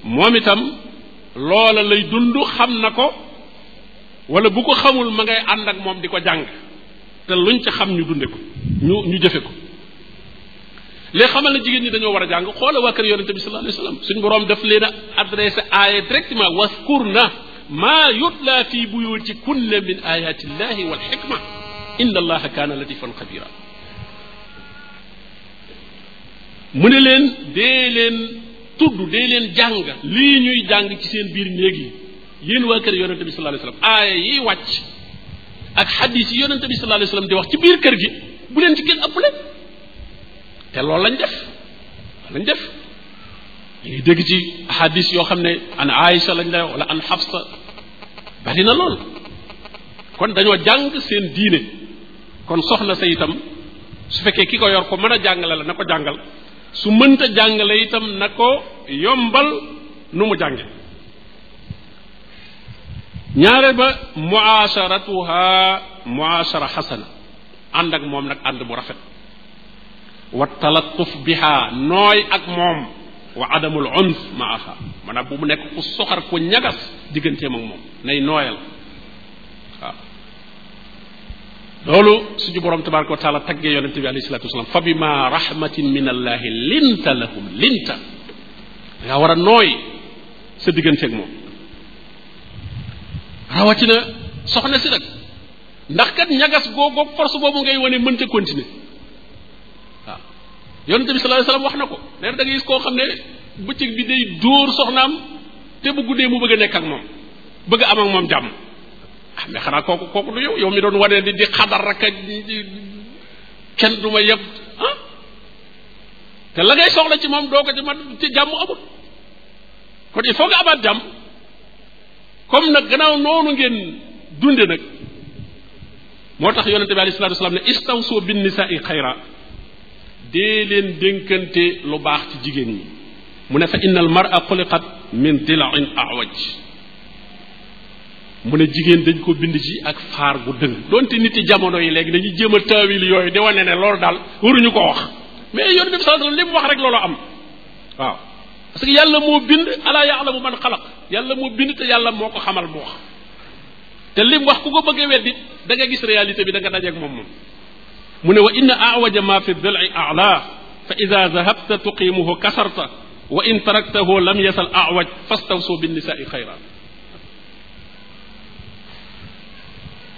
Speaker 1: moom itam loola lay dund xam na ko wala bu ko xamul ma ngay ànd ak moom di ko jàng te luñ ca xam ñu dunde ko ñu ñu jëfe ko les xamal na jigéen ñi dañoo war a jàng xoola waa kër yonente bi sallallahu alayhi wasallam suñ boroom daf leen a adressé aaya directement waskurna maa yutla fi buyuti kunna min ayati llahi wal xikma inna allaha la latifan xabira mu ne leen dee leen tudd day leen jàng li ñuy jàng ci seen biir néeg yi yéen waa kër yonente bi sallallahu alayhi wasallam aaya yi wàcc ak xadis yi yonente bi sallallahu alayhi wasallam di wax ci biir kër gi bu leen ci kenn ëppale te loolu lañ def lañ def da dégg ci xadis yoo xam ne an Aïcha lañ lay wala an Xafsa bari na lool kon dañoo jàng seen diine kon soxna sa itam su fekkee ki ko yor ko mën a jàngale la na ko jàngal su mënta jàngale itam na ko yombal nu mu jànge ñaare ba muaasharatuha muaashara xasana ànd ak moom nag ànd bu rafet wa talattuf biha nooy ak moom wa adamul ons maaha maanaam bu mu nekk ku soxar ku ñagas digganteem ak moom nay nooyal loolu suñu borom tabaraka wa taala taggee bi alayhi salatu wasalam fa bima rahmatin min allahi linta lahum linta da ngaa war a nooy sa digganteeg moom rawatina soxna si nag ndax kat ñagas googoog force boobu ngay wane mënta continuer waaw yonente bi sallallahu alayhi wax na ko nee na da koo xam ne bëccëg bi day dóor soxnaam te bu guddee mu bëgg a nekk ak moom bëgg am ak moom jàmm mais xanaa kooku kooku lu yow yow mi doon wane ni di xadar rek a kenn du ma yëpp ah? te la ngay soxla ci moom doo ko ci ma ci jàmm amul kon il faut nga amaat jàmm comme nag gannaaw noonu ngeen dunde nag moo tax yonente bi alayhi salatu wasalaam ne istawsu bin nisaai xayra dee leen dénkante lu baax ci jigéen ñi mu ne fa innal mar'a xuliqat min dila'in a'waj mu ne jigéen dañ ko bind ci ak faar gu dëng donte nit yi jamono yi léegi dañuy jéem a taawil yooyu di wane ne loolu daal waruñu ko wax mais yonent bi sallallahu alayhi wasallam li wax rek loolu am waaw parce que yàlla moo bind alaa yaalamu man xalaq yàlla moo bind te yàlla moo ko xamal mu wax te lim wax ku ko bëggee weddi da nga gis réalité bi da nga moom moom mu ne wa inna awaja ma fi dil'i a'la fa ida dhahabta tuqimuhu kasarta wa in taraktahu lam yasal awaj fastawsu bin nisa'i xayra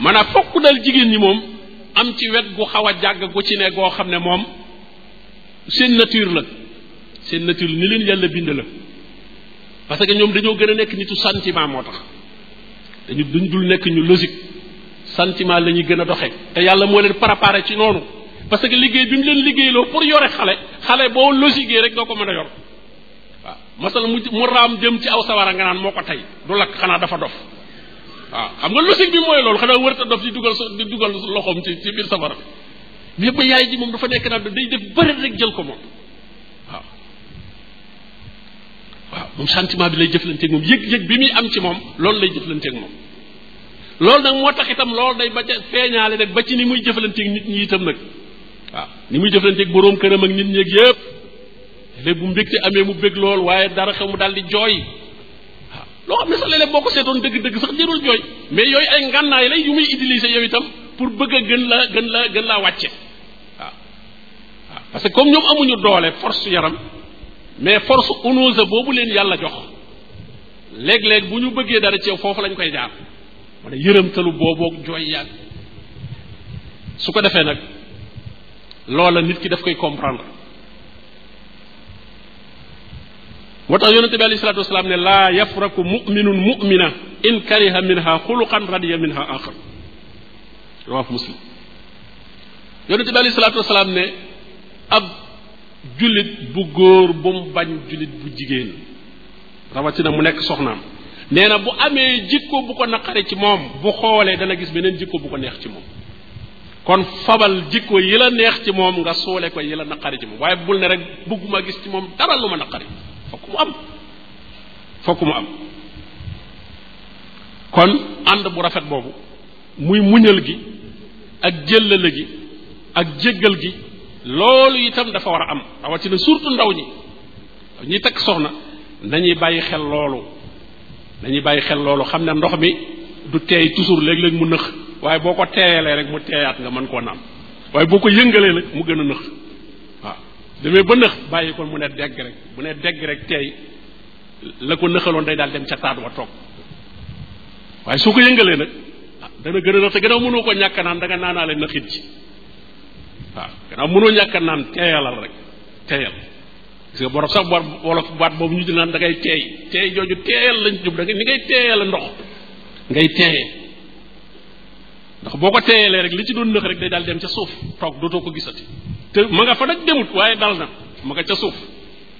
Speaker 1: maanaam fokk dal jigéen ñi moom am ci wet gu xaw a jàgg gu ci ne goo xam ne moom seen nature la seen nature ni leen yàlla bind la parce que ñoom dañoo gën a nekk nitu sentiment moo tax dañu duñ dul nekk ñu logique sentiment la ñuy gën a doxee te yàlla moo leen préparé ci noonu parce que liggéey bi mu leen liggéeyloo pour yore xale xale boo logique rek doo ko mën a yor waaw masal mu mu raam jëm ci aw sawara nga naan moo ko tey du lakk xanaa dafa dof waaw ah, xam nga logique bi mooy loolu xanaa wërta dof di dugal di dugal loxoom ci ci biir safara mais ba yaay ji moom dafa nekk naan day def bari rek jël ko moom waaw moom sentiment bi lay jëflanteeg moom yëg-yëg bi muy am ci moom loolu lay jëflanteeg moom loolu nag moo tax itam loolu day ba feeñaale nag ba ci ni muy jëflanteeg nit ñi itam nag waaw ni muy jëflanteeg boroom këram ak nit ñeeg yépp léegi bu mbégte amee mu bég lool waaye dara xew mu daal di jooy loo xam ne sax léeg boo ko seetoon dëgg-dëgg sax jarul jooy mais yooyu ay ngànnaay lay yu muy utiliser yow itam pour bëgg a gën la gën la gën laa wàcce waaw waaw parce que comme ñoom amuñu doole force yaram mais force unusa boobu leen yàlla jox léeg-léeg bu ñu bëggee dara ci yow foofu lañ koy jaar wala yërëmtalu booboog jooy yàgg su ko defee nag loola nit ki daf koy comprendre moo tax yonente bi alayhi salatu wasalaam ne laa yafraku muminun mumina in kariha minha xuluqan radiya minha axar rawaaf muslim yonente bi alayhi salatu wasalaam ne ab jullit bu góor bu mu bañ jullit bu jigéen rawatina mu nekk soxnaam nee na bu amee jikko bu ko naqari ci moom bu xoolee dana gis beneen jikko bu ko neex ci moom kon fabal jikko yi la neex ci moom nga suule ko yi la naqari ci moom waaye bul ne rek bëgguma gis ci moom dara lu ma naqari fokk mu am fokk mu am kon ànd bu rafet boobu muy muñal gi ak jëllale gi ak jéggal gi loolu itam dafa war a am rawatina surtout ndaw ñi ñi takk soxna nañuy bàyyi xel loolu nañuy bàyyi xel loolu xam ne ndox mi du teey toujours léeg-léeg mu nëx waaye boo ko teeyalee rek mu teeyaat nga mën koo naan waaye boo ko yëngalee nag mu gën a nëx demee ba nëx bàyyi ko mu ne degg rek bu ne degg rek tey la ko nëxaloon day daal dem ca taat wa toog waaye soo ko yëngalee nag ah, dana gën a nëx te gannaaw mënoo ko ñàkk naan da nga naanaale nëxit ji waaw gannaaw mënoo ñàkk naan teeyalal rek teeyal gis nga borom sax boor baat boobu ñu di naan da ngay teey teey jooju teeyal lañ jub da ni ngay teeyal ndox ngay teeye ndax boo ko teeyalee rek li ci doon nëx rek day daal dem ca suuf toog dootoo ko gisati te ma nga fa nag demut waaye dal na ma nga ca suuf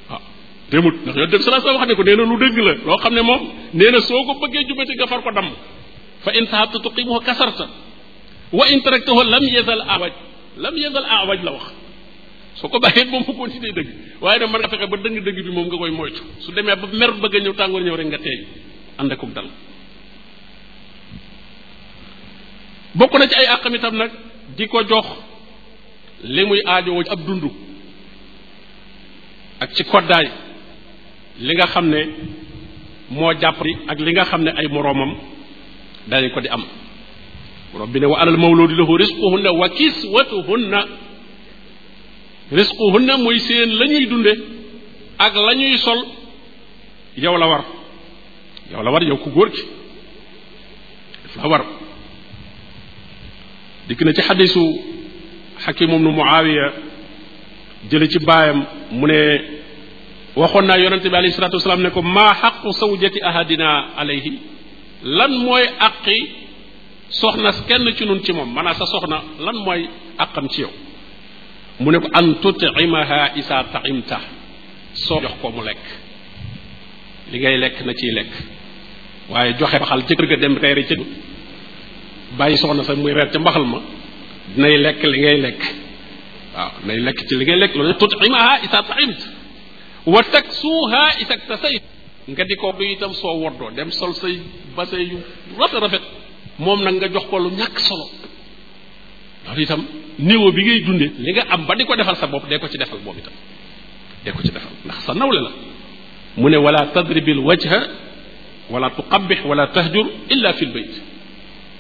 Speaker 1: waaw ah, demut ndax yoon dem salaa wax ne ko nee na lu dëgg la loo xam ne moom nee soo ko bëggee jubati nga far ko damm fa in sahabta tuqimuhu kasarta wa in taraktahu lam yazal awaj lam yazal awaj la wax soo ko bàyyee moom mu continuer dëgg waaye nag mën nga fexe ba dëng-dëgg bi moom nga koy moytu su demee ba mer bëgg a ñëw tàngoor ñëw rek nga teey ànd akum dal bokk na ci ay àqam itam nag di ko jox li muy aajowoo ab dund ak ci koddaay li nga xam ne moo jàpp jàppri ak li nga xam ne ay moroomam dañ ko di am borom bi na wa alal mawludi lahu risquhunna wa kiswatuhunna risquhunna muy seen la dunde ak la ñuy sol yow la war yow la war yow ku góor ki daf la war dikk na ci xadisu xakim ibnu muawiya jële ci baayam mu ne waxoon naa yonente bi alayhi salatu wasalaam ne ko maa xaqu sawjati ahadina alayhi lan mooy aqi soxna kenn ci nun ci moom maanaam sa soxna lan mooy aqam ci yow mu ne ko an tutimaha isa taimta soo jox ko mu lekk li ngay lekk na ciy lekk waaye joxe baxal jëkkër ga dem reeri ca bàyyi soxna sa muy reer ca mbaxal ma nay lekk li ngay lekk waaw ma lekk ci li ngay lekk loolu tut'imaha isa ta'imt wa ta isa tasayt nga di ko du itam soo woddoo dem sol say base yu rafet rafet moom nag nga jox ko ñàkk solo loolu itam néew bi ngay dunde li nga am ba di ko defal sa bopp de ko ci defal moom itam dee ko ci defal ndax sa nawle la mu ne wala tadribil wajha wala tuqabbih wala tahjur illa fil bayt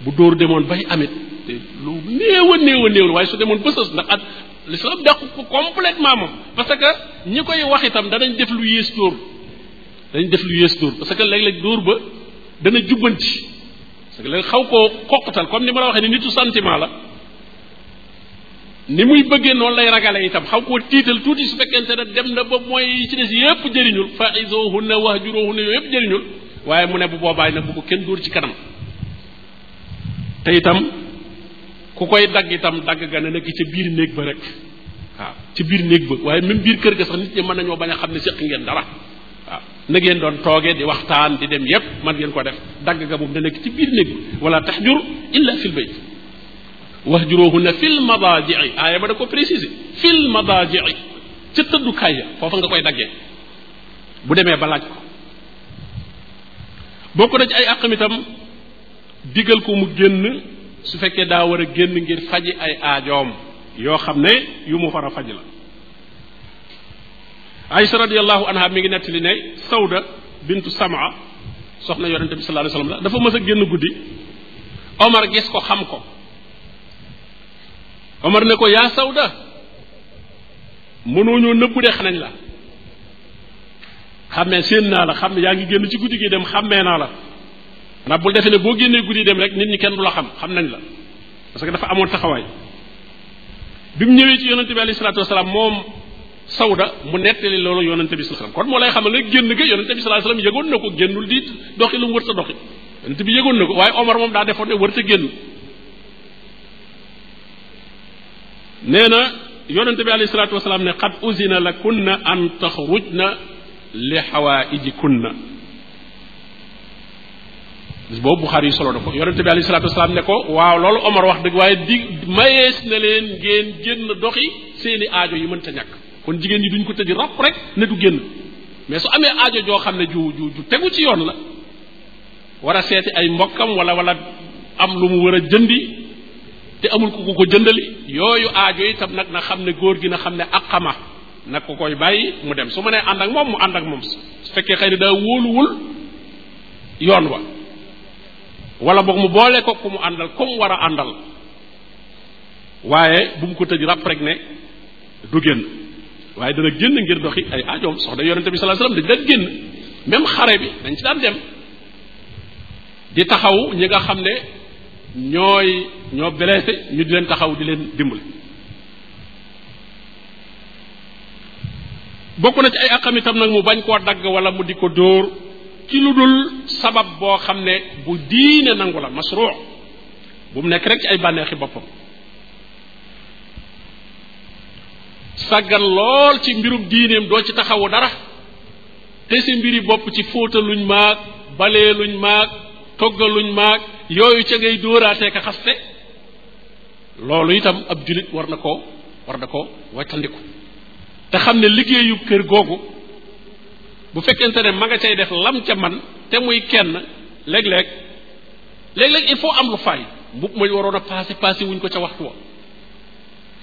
Speaker 1: bu dóor demoon bay amit diggante lu néew a néew a néew la waaye su demoon bësës ndax at l'islam dàqu ko complètement moom parce que ñi koy wax itam danañ def lu yées dóor danañ def lu yées dóor parce que léeg-léeg dóor ba dana jubbanti parce que léegi xaw koo xoqatal comme ni ma la waxee ni nitu sentiment la ni muy bëggee noonu lay ragale itam xaw koo tiital tuuti su fekkente ne dem na ba mooy yi ci des yépp jëriñul fa'izuhunna wahjuruhunna yooyu yépp jëriñul waaye mu ne bu boobaay nag bu ko kenn dóor ci kanam te itam ku koy dagg itam dagg ga ne nekk ca biir néeg ba rek waaw ci biir néeg ba waaye même biir kër ga sax nit ñi mën nañoo bañ a xam ne séq ngeen dara waaw na ngeen doon toogee di waxtaan di dem yépp mën ngeen ko def dagg ga moom da nekk ci biir néeg ba wala tahjur illa fil bayt wahjuruhunna fil madaaji'i da ko préciser fil madaaji'i ca tëddukaay ya foofa nga koy daggee bu demee ba laaj ko bokk na ci ay àqam itam digal ko mu génn su fekkee daa war a génn ngir faji ay aajoom yoo xam ne yu mu war a faj la Aïsa radiallahu anha mi ngi nettali ne Sawda bintu Samaa soxna yonente bi sallallahu la dafa mës a génn guddi Omar gis ko xam ko Omar ne ko yaa Sawda mënuñoo nëbbu de xanañ la xàmmee séen naa la xam yaa ngi génn ci guddi gi dem xàmmee naa la ndax bul defee ne boo génnee guddi dem rek nit ñi kenn du la xam xam nañ la parce que dafa amoon taxawaay bi mu ñëwee ci yonente bi alayhi salaatu wasalaam moom sawda mu nettali loolu yonente bi salaam kon moo lay xamal ne génn ga yonente bi salaam yëgoon na ko génnul di doxi lu mu wër sa doxi yonente bi yëgoon na ko waaye Omar moom daa defoon ne wër sa génn nee na yonente bi alayhi salaatu wasalaam ne xad usina lakunna an taxrujna li xawaaiji kunna bis boobu Buxaari yi solo na ko yonente bi alayhi salaatu wasalaam ne ko waaw loolu Omar wax dëgg waaye di mayees na leen ngeen génn doxi seeni aajo yi mënta ñàkk kon jigéen ñi duñ ko tëj ràpp rek ne du génn mais su amee aajo joo xam ne ju ju ju tegu ci yoon la war a seeti ay mbokkam wala walla am lu mu war a jëndi te amul ku ko jëndali yooyu aajo yi itam nag na xam ne góor gi na xam ne aqama nag ko koy bàyyi mu dem su ma nee ànd ak moom mu ànd ak moom su fekkee xëy na daa wóoluwul yoon wa wala boog mu boolee ko ku mu àndal comme war a àndal waaye bu mu ko tëj ràpp rek ne du génn waaye dana génn ngir doxi ay aajoom soxna yonente bi sallallahu alayhi wasallam dañ daan génn même xare bi dañ ci daan dem di taxaw ñi nga xam ne ñooy ñoo blessé ñu di leen taxaw di leen dimbali bokk na ci ay akam itam nag mu bañ koo dagg wala mu di ko dóor ci lu dul sabab boo xam ne bu diine nangu la masruu bu mu nekk rek ci ay bànneexi boppam sàggan lool ci mbirum diineem doo ci taxawu dara te si mbiri bopp ci fóotaluñ maag baleeluñ maag toggaluñ maag yooyu ci ngay dóoraatee ka xaste loolu itam ab julit war na ko war ko wàccandiku te xam ne liggéeyu kër googu bu fekkente ne ma nga cay def lam ca man te muy kenn léeg-léeg léeg-léeg il faut am lu faay mbub mañ waroon a passé passé wuñ ko ca waxtu wa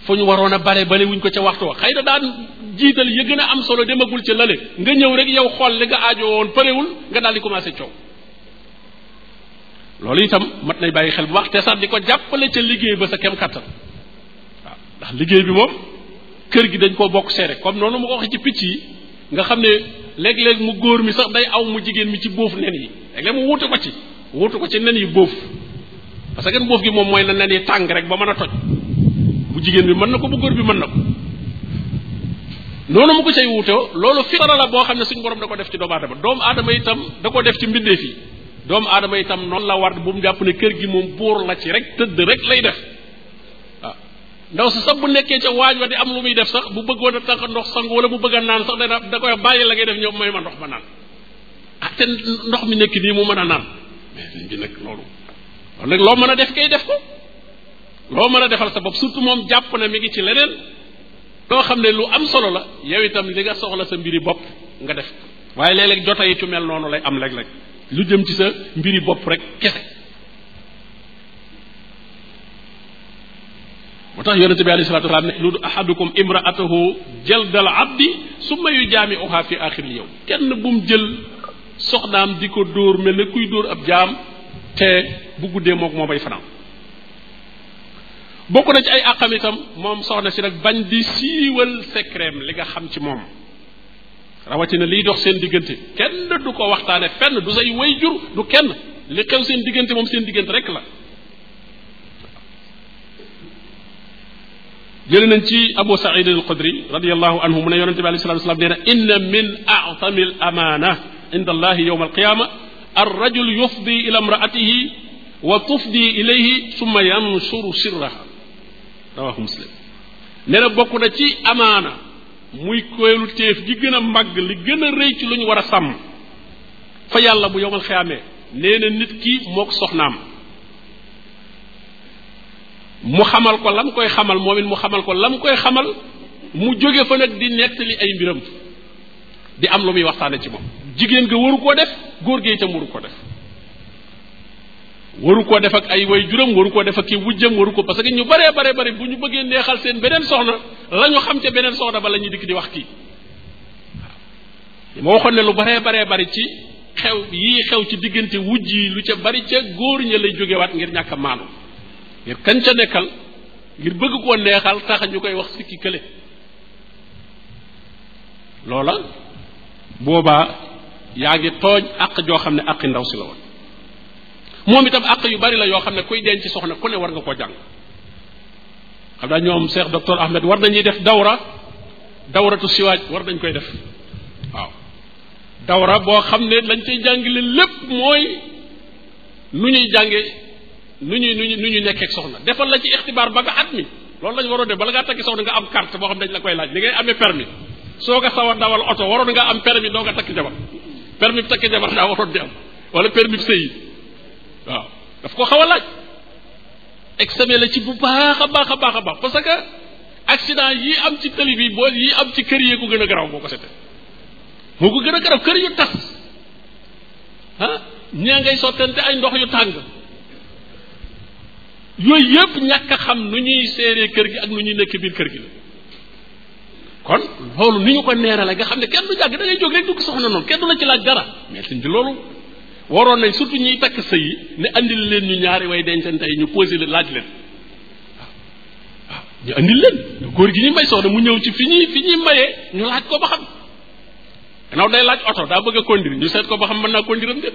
Speaker 1: fu ñu waroon a bale bale wuñ ko ca waxtu wa xëy na daan jiital ya gën a am solo demagul ca lële nga ñëw rek yow xool li nga aajo woon parewul nga daal di commencé coow loolu itam mat nay bàyyi xel bu baax te sax di ko jàppale ca liggéey ba sa kem kattan waaw ndax liggéey bi moom kër gi dañ koo bokk seere comme noonu ma ko ci picc yi nga xam ne léeg-léeg mu góor mi sax day aw mu jigéen mi ci bóof nen yi léeg-léeg mu wuutu ko ci wuutu ko ci nen yi bóof parce que bóof gi moom mooy na nen yi tàng rek ba mën a toj bu jigéen bi mën na ko bu góor bi mën na ko noonu mu ko cay wuutoo loolu fitara la boo xam ne suñu borom da ko def ci doomu aadama doomu aadama itam da ko def ci mbindeef yi doomu aadama itam noonu la war bu mu jàpp ne kër gi moom buur la ci rek tëdd rek lay def ndaw si sax bu nekkee ca waaj wa di am lu muy def sax bu bëggoon a tànq ndox sangu wala mu bëgg a naan sax dana da koy bàyyi la ngay def ñoom may ma ndox ma naan ah te ndox mi nekk nii mu mën a naan mais liñ bi nag loolu loolu nag loo mën a def kay def ko loo mën a defal sa bopp surtout moom jàpp na mi ngi ci leneen loo xam ne lu am solo la yow itam li nga soxla sa mbiri bopp nga def waaye léeg-léeg jota yi ci mel noonu lay am léeg-léeg lu jëm ci sa mbiri bopp rek kese tax yonente bi alayhi salatu wasalaam ne lu ahadukum imraatahu jaldal abdi summa yu jaami uhaa fi axiril yow kenn bu mu jël soxnaam di ko dóor mel ne kuy dóor ab jaam te bu guddee mook moo bay fanaan bokk na ci ay àqam itam moom soxna si nag bañ di siiwal secret li nga xam ci moom rawatina liy dox seen diggante kenn du ko waxtaane fenn du say way jur du kenn li xew seen diggante moom seen diggante rek la jële nañ ci abu said al xudri radiallahu anhu mu ne yonente bi alei salatu salaam nee na inna min atami al amaana inda allahi yowma ila imraatihi wa tufdi ilayhi summa yansuru sirraha muslim nee na bokk na ci amaana muy koylu téef gi gën a li gën a rëy ci lu ñu war a sàmm fa bu yowmal xiyaamee nee na nit ki mook soxnaam mu xamal ko lam koy xamal moom it mu xamal ko lam koy xamal mu jóge fa nag di nettali ay mbiram di am lu muy waxtaane ci moom jigéen nga waru koo def góor gee tam waru koo def waru koo def ak ay way juróom waru koo def ak ki wujjam waru ko parce que ñu baree bare bare bu ñu bëggee neexal seen beneen soxna la ñu xam ca beneen soxna ba la ñuy dikk di wax kii moo waxoon ne lu baree baree bari ci xew yii xew ci diggante wujj yi lu ca bari ca góor ña lay jógewaat ngir ñàkk ngir kañ ca nekkal ngir bëgg koo neexal tax ñu koy wax sikki kële loola boobaa yaa ngi tooñ àq joo xam ne àqi ndaw si la woon moom itam àq yu bari la yoo xam ne kuy denc soxna ku ne war nga koo jàng xam naa ñoom Cheikh docteur Ahmed war nañuy def dawra dawratu siwaaj war nañ koy def waaw dawra boo xam ne lañ cay jàngale lépp mooy nu ñuy jànge nu ñu nu ñuy nekkeeg soxna defal la ci ixtibaar ba nga at mi loolu lañ waroon def bala ngaa takki soxna nga am carte boo xam dañ la koy laaj li ngay amee permis soo ko sawar dawal oto waroon nga am permis doo nga takk jabar permis bi takk jabar daa waroon di am wala permis bi sëy waaw daf ko xaw a laaj examen la ci bu a baax a baax a baax parce que accident yi am ci tali bi boo yi am ci kër yee ko gën a garaaw boo ko setee boo ko gën a garaaw kër yu tas ah ñaa ngay sottante ay ndox yu tàng yooyu yëpp ñàkk xam nu ñuy seeree kër gi ak nu ñuy nekk biir kër gi la kon loolu ni ñu ko neerale nga xam ne kenn du jàgg da ngay jóg rek dugg soxna noonu kenn du la ci laaj dara mais sëñ bi loolu waroon nañ surtout ñuy takk sëy yi ne andil leen ñu ñaari way dencante yi ñu posé leen laaj leen waaw ñu andil leen góor gi ñuy may soxna mu ñëw ci fi ñuy fi ñuy mayee ñu laaj ko ba xam gannaaw day laaj oto daa bëgg a conduire ñu seet ko ba xam mën naa conduire am déet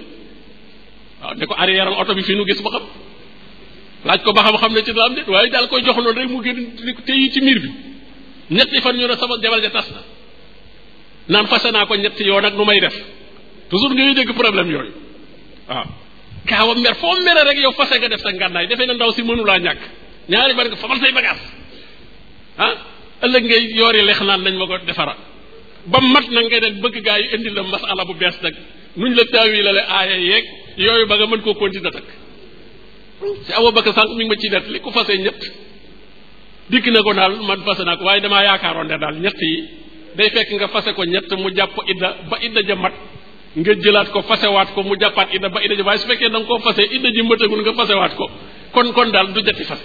Speaker 1: waaw ne ko arrière oto bi fii nu gis ba xam laaj ko ba xam xam ne ci dara am déet waaye daal koy jox noonu rek mu génn téye ci miir bi ñetti fan ñu ne sama jabar ja tas na naan fase naa ko ñetti yoon ak nu may def toujours ngay dégg problème yooyu waaw kaawa mer foo mere rek yow fase nga def sa ngànnaay defee na ndaw si mënulaa ñàkk ñaari bari nga fabal say bagage ah ëllëg ngay yi lex naan nañ ma ko defara ba mat na ngay dem bëgg gaa yi indi la masala bu bees nag nuñ la taawi la la aaya yooyu ba nga mën koo continuer si Abubakar sànq mi ngi ma ciy nettali ku fase ñett dikk na ko daal man fase naa ko waaye damaa yaakaaroon ne daal ñett yi day fekk nga fase ko ñett mu jàpp idda ba idda ja mat nga jëlaat ko waat ko mu jàppaat idda ba idda ja waaye su fekkee da nga koo fase idda ji matagul ko kon kon daal du jati fase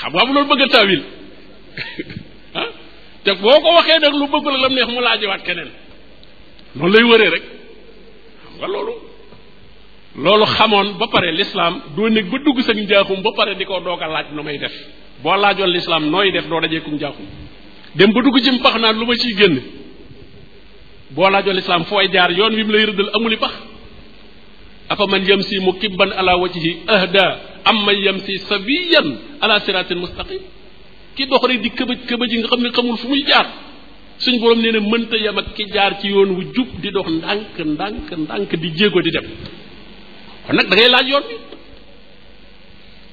Speaker 1: xam nga bu loolu bëgg a taawil ah te boo ko waxee nag lu bëggul lam neex mu laajewaat keneen noonu lay wëree rek xam nga loolu loolu xamoon ba pare lislaam doo nekk ba dugg sa njaaxum ba pare di ko doog laaj nu may def boo laajoon lislaam nooy def doo dajeeku njaaxum dem ba dugg ci mpax naan lu ma ciy génn boo laajoon lislaam fooy jaar yoon wi mu lay rëddal amuli pax afa man yam si mu kibban ala wajhi ahda am man yam si sabiyan ala siratin mustaqim ki dox rek di këbëj këbëj yi nga xam ne xamul fu muy jaar suñ borom nee na mënta yam ki jaar ci yoon wu jub di dox ndànk ndànk ndànk di jéego di dem nag da ngay laaj yoon bi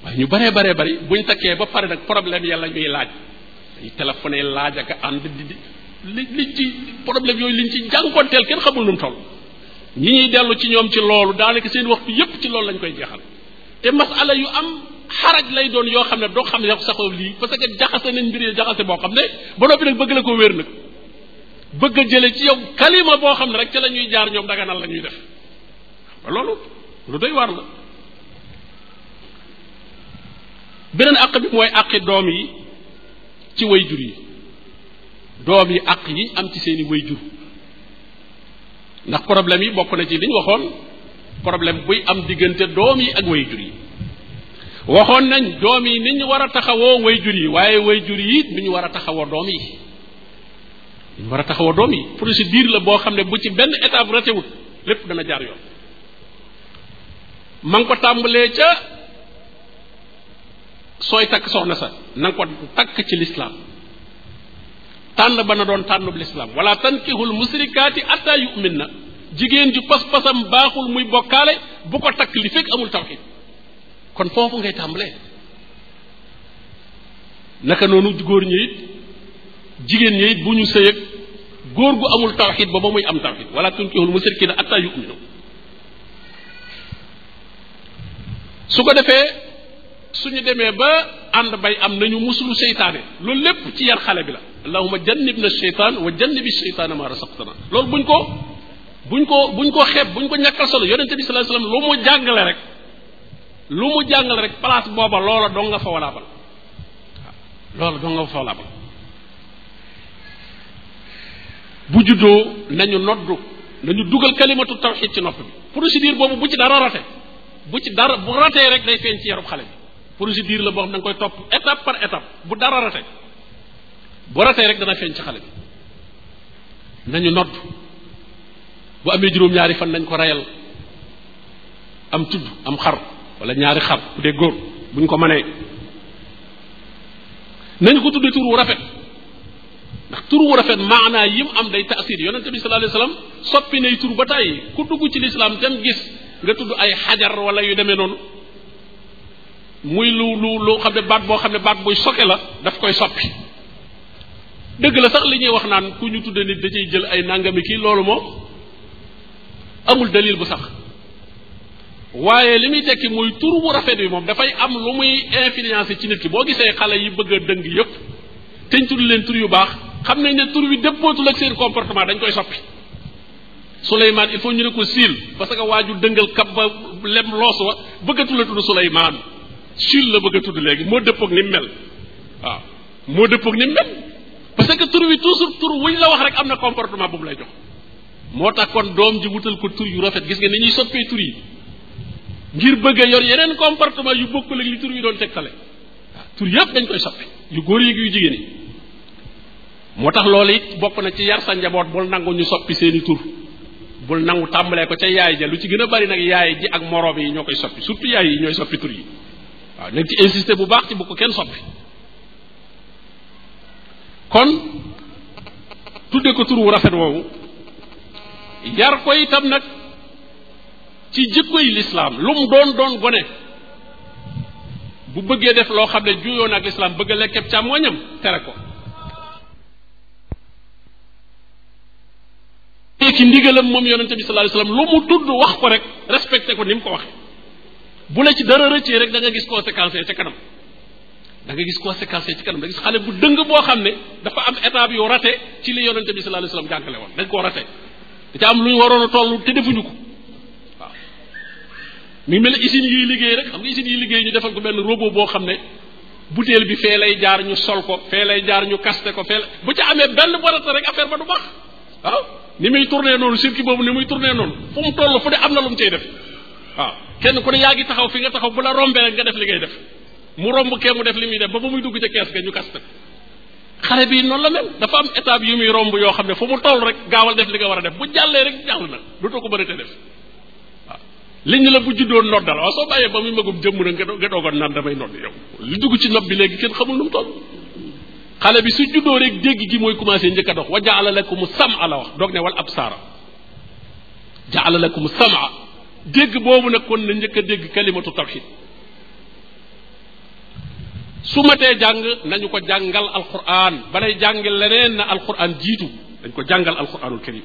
Speaker 1: waaye ñu baree baree bari buñ takkee ba pare nag problème yàlla ñuy laaj dañuy téléphoné laaj ak ànd di di li liñ ci problème yooyu liñ ci jànkoonteel kenn xamul nu mu toll ñi ñuy dellu ci ñoom ci loolu daanaka seen waxtu yépp ci loolu lañ koy jeexal te masala yu am xaraj lay doon yoo xam ne doo xam ne yow saxoo lii parce que jaxase nañ mbir yi jaxase boo xam ne ba noppi nag bëgg la ko wér nag bëgg a jële ci yow kalima boo xam ne rek ci la ñuy jaar ñoom daganal la ñuy def lu doy war la beneen àq bi mooy àqi doom yi ci way jur yi doom yi àq yi am ci seeni way jur ndax problème yi bokk na ci li waxoon problème buy am diggante doom yi ak way jur yi waxoon nañ doom yi ni ñu war a taxawoo way jur yi waaye way jur yi ni ñu war a taxawoo doom yi ni war a taxawoo doom yi procédure la boo xam ne bu ci benn étape ratewut lépp dana jaar yoon ma nga ko tàmbalee ca sooy takk soxna sa na ko takk ci lislaam tànn ba na doon tànnub lislaam wala tankihul musrikaati atta yu'min na jigéen ju pas-pasam baaxul muy bokkaale bu ko takk li fekk amul tawxid kon foofu ngay tàmbalee naka noonu góor ñi it jigéen ñi bu ñu sëyëg góor gu amul tawxid ba ba muy am tawxid wala tankihul musrikaati atta yu'minu su ko defee suñu demee ba ànd bay am nañu musulu seytaane loolu lépp ci yar xale bi la allahuma jannib na seytaan wa jannibi seytaana ma rasaqtana loolu buñ ko buñ ko buñ ko xeeb buñ ko ñàkkal solo yonente bi sallallahu alayhi wasallam lu mu jàngale rek lu mu jàngale rek place booba loola dong nga fa walaabal waaw loola dong nga fa walaabal bu juddoo nañu noddu nañu dugal kalimatu tawxid ci nopp bi procédure boobu bu ci dara rate bu ci dara bu ratee rek day feeñ ci yarub xale bi procédure la boo xam da koy topp étape par étape bu dara rate bu ratee rek dana feeñ ci xale bi nañu nodd bu amee juróom-ñaari fan nañ ko rayal am tudd am xar wala ñaari xar bu dee góor buñ ko mënee nañu ko tuddee tur wu rafet ndax tur wu rafet maanaa yim am day taasir yonente bi sallallahu alayhi wasallam soppi nay tur ba tàyyi ku dugg ci lislaam dem gis nga tudd ay xajar wala yu demee noonu muy lu lu loo xam ne baat boo xam ne baat buy soke la daf koy soppi dëgg la sax li ñuy wax naan ku ñu tudde nit dañuy jël ay nàngami kii loolu moom amul dalil bu sax waaye li muy tekki muy tur bu rafet bi moom dafay am lu muy influencé ci nit ki boo gisee xale yi bëgg a dëng yépp te ñu tudd leen tur yu baax xam nañ ne tur wi déppootul ak seen comportement dañ koy soppi Souleymane il faut ñu ne ko siil parce que waaju dëngal kab ba lem loos wa bëggatul a tudd Souleymane siil la bëgg a tudd léegi moo dëppoog ni mu mel waaw moo dëppoog ni mu mel parce que tur wi toujours tur wuñ la wax rek am na comportement boobu lay jox moo tax kon doom ji wutal ko tur yu rafet gis nga ni ñuy soppee tur yi ngir bëgg yor yeneen comportement yu bokkul ak li tur yi doon tegtale waaw tur yëpp dañ koy soppi yu góor yi yu jigéen yi moo tax loolu it bokk na ci yar sa njaboot bul nangu ñu soppi seeni tur bul nangu tàmbalee ko ca yaay ja lu ci gën a bari nag yaay ji ak moroom yi ñoo koy soppi surtout yaay yi ñooy soppi tur yi waaw nañ ci insister bu baax ci bu ko kenn soppi kon tudde ko tur wu rafet woowu yar ko itam nag ci jikkoy lislaam lu mu doon doon gone bu bëggee def loo xam ne juyoon ak lislaam bëgg a lekkeeb càmmooñam tere ko ci ndigalam moom yonente bi sallallahu alayhi wasallam lu mu tudd wax ko rek respecté ko ni mu ko waxee bu la ci dara rëccee rek da nga gis conséquences yi ca kanam da nga gis conséquences yi ci kanam da nga gis xale bu dëng boo xam ne dafa am étape yu rate ci li yonente bi sallallahu alayhi wasallam jàngale woon dañ koo rate da ca am lu ñu waroon a toll te defuñu ko waaw mi ngi mel ne usines yiy liggéey rek xam nga usines yiy liggéey ñu defal ko benn robot boo xam ne butéel bi fee lay jaar ñu sol ko fee lay jaar ñu kaste ko bu ca amee benn barata rek affaire ba du baax waaw ni muy tourné noonu circuit boobu ni muy tourné noonu fu mu toll fu ne am na lu mu cay def waaw kenn ku ne yaa ngi taxaw fi nga taxaw bu la rombee rek nga def li ngay def mu romb kee mu def li muy def ba ba muy dugg ca kees ga ñu kasta xale bi noonu la mel dafa am étape yu muy romb yoo xam ne fu mu toll rek gaawal def li nga war a def bu jàllee rek jàll na dootoo ko te def waaw li ñu la bu juddoon noddal waaw soo bàyyee ba muy magum jëmm na nga doogoon li dugg ci nopp léegi kenn xamul nu mu toll xale bi su juddoo rek dégg gi mooy commencé njëkk a dox wa jaala lakum sama la wax doog ne wal absaara ko lakum sama dégg boobu nekkoon kon na njëkk a dégg kalimatu tawxid su matee jàng nañu ko jàngal alquran balay jàng leneen na alquran jiitu dañ ko jàngal alquranul karim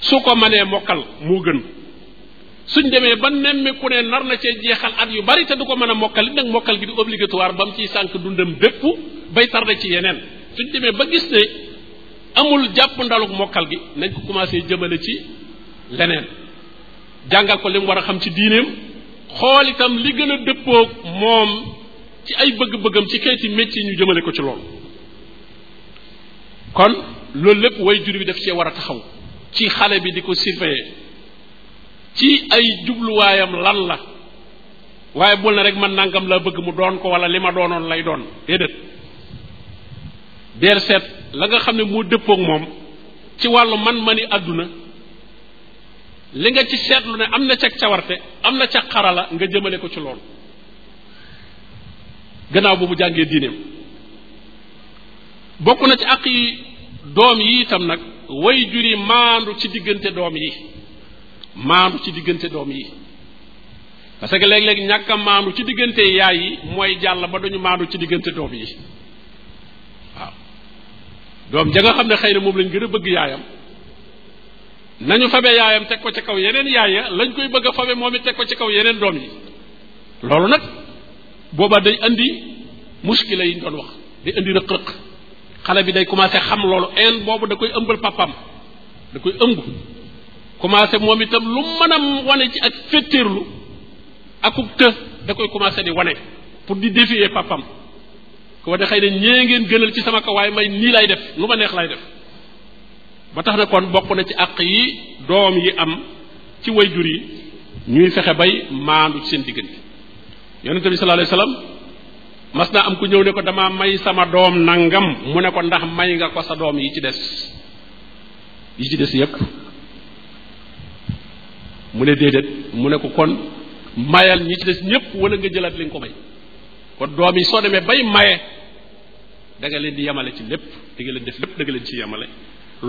Speaker 1: su ko manee mokkal moo gën suñ demee ba nemmi ne nar na cee jeexal at yu bari te du ko mën a mokkal it nag mokkal gi di obligatoire ba mu ciy sànq dundam bépp bay tardé ci yeneen suñ demee ba gis ne amul jàpp ndaluk mokkal gi nañ ko commencé jëmale ci leneen jàngal ko li mu war a xam ci diineem xool itam li gën a dëppoog moom ci ay bëgg-bëggam ci kayiti métier ñu jëmale ko ci loolu kon loolu lépp way jur bi daf cee war a taxaw ci xale bi di ko surveiller ci ay jubluwaayam lan la waaye bul na rek man nangam laa bëgg mu doon ko wala li ma doonoon lay doon déedéet deer seet la nga xam ne moo dëppook moom ci wàll man-mani àdduna li nga ci seetlu ne am na cag cawarte am na ca xarala nga jëmale ko ci lool gannaaw boobu jàngee diineem bokk na ci àq yi doom yi itam nag way juri maandu ci diggante doom yi maandu ci diggante doom yi parce que leeg léeg ñàkk a maandu ci diggante yaay yi mooy jàll ba dañu maandu ci diggante doom yi doom ja xam ne xëy na moom lañu gën a bëgg yaayam nañu fabe yaayam teg ko ci kaw yeneen ya lañ koy bëgg a fabe moom it teg ko ci kaw yeneen doom yi loolu nag booba day andi muskila yi ñu doon wax day indi rëq-rëq xale bi day commencé xam loolu en boobu da koy ëmbal papam da koy ëmb commencé moom itam lu mën a wane ci ak féttéerlu akub të da koy commencé di wane pour di défier papam ko de xëy na ñee ngeen gënal ci sama kawaay waaye may nii lay def lu ma neex lay def ba tax na kon bokk na ci àq yi doom yi am ci way jur yi ñuy fexe bay maandu ci seen diggante yonente bi sallallahu alayhi wasallam mas naa am ku ñëw ne ko dama may sama doom nangam mu ne ko ndax may nga ko sa doom yi ci des yi ci des yépp mu ne déedéet mu ne ko kon mayal ñi ci des ñépp wala nga jëlaat li nga ko may kon doom yi soo demee bay maye danga leen di yemale ci lépp da nga leen def lépp da nga leen ci yemale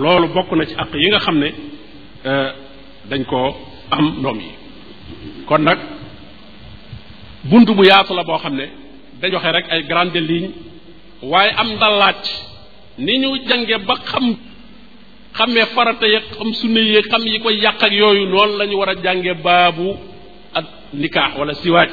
Speaker 1: loolu bokk na ci àq yi nga xam ne euh, dañ koo am doom yi kon nag bunt bu yaatu la boo xam ne da joxe rek ay grande ligne waaye am ndalaaj ni ñu jànge ba xam xamee farata yeeg xam sunna yi xam yi koy yàq ak yooyu noonu lañu ñu war a jànge baabu ak nikaax wala siwaaj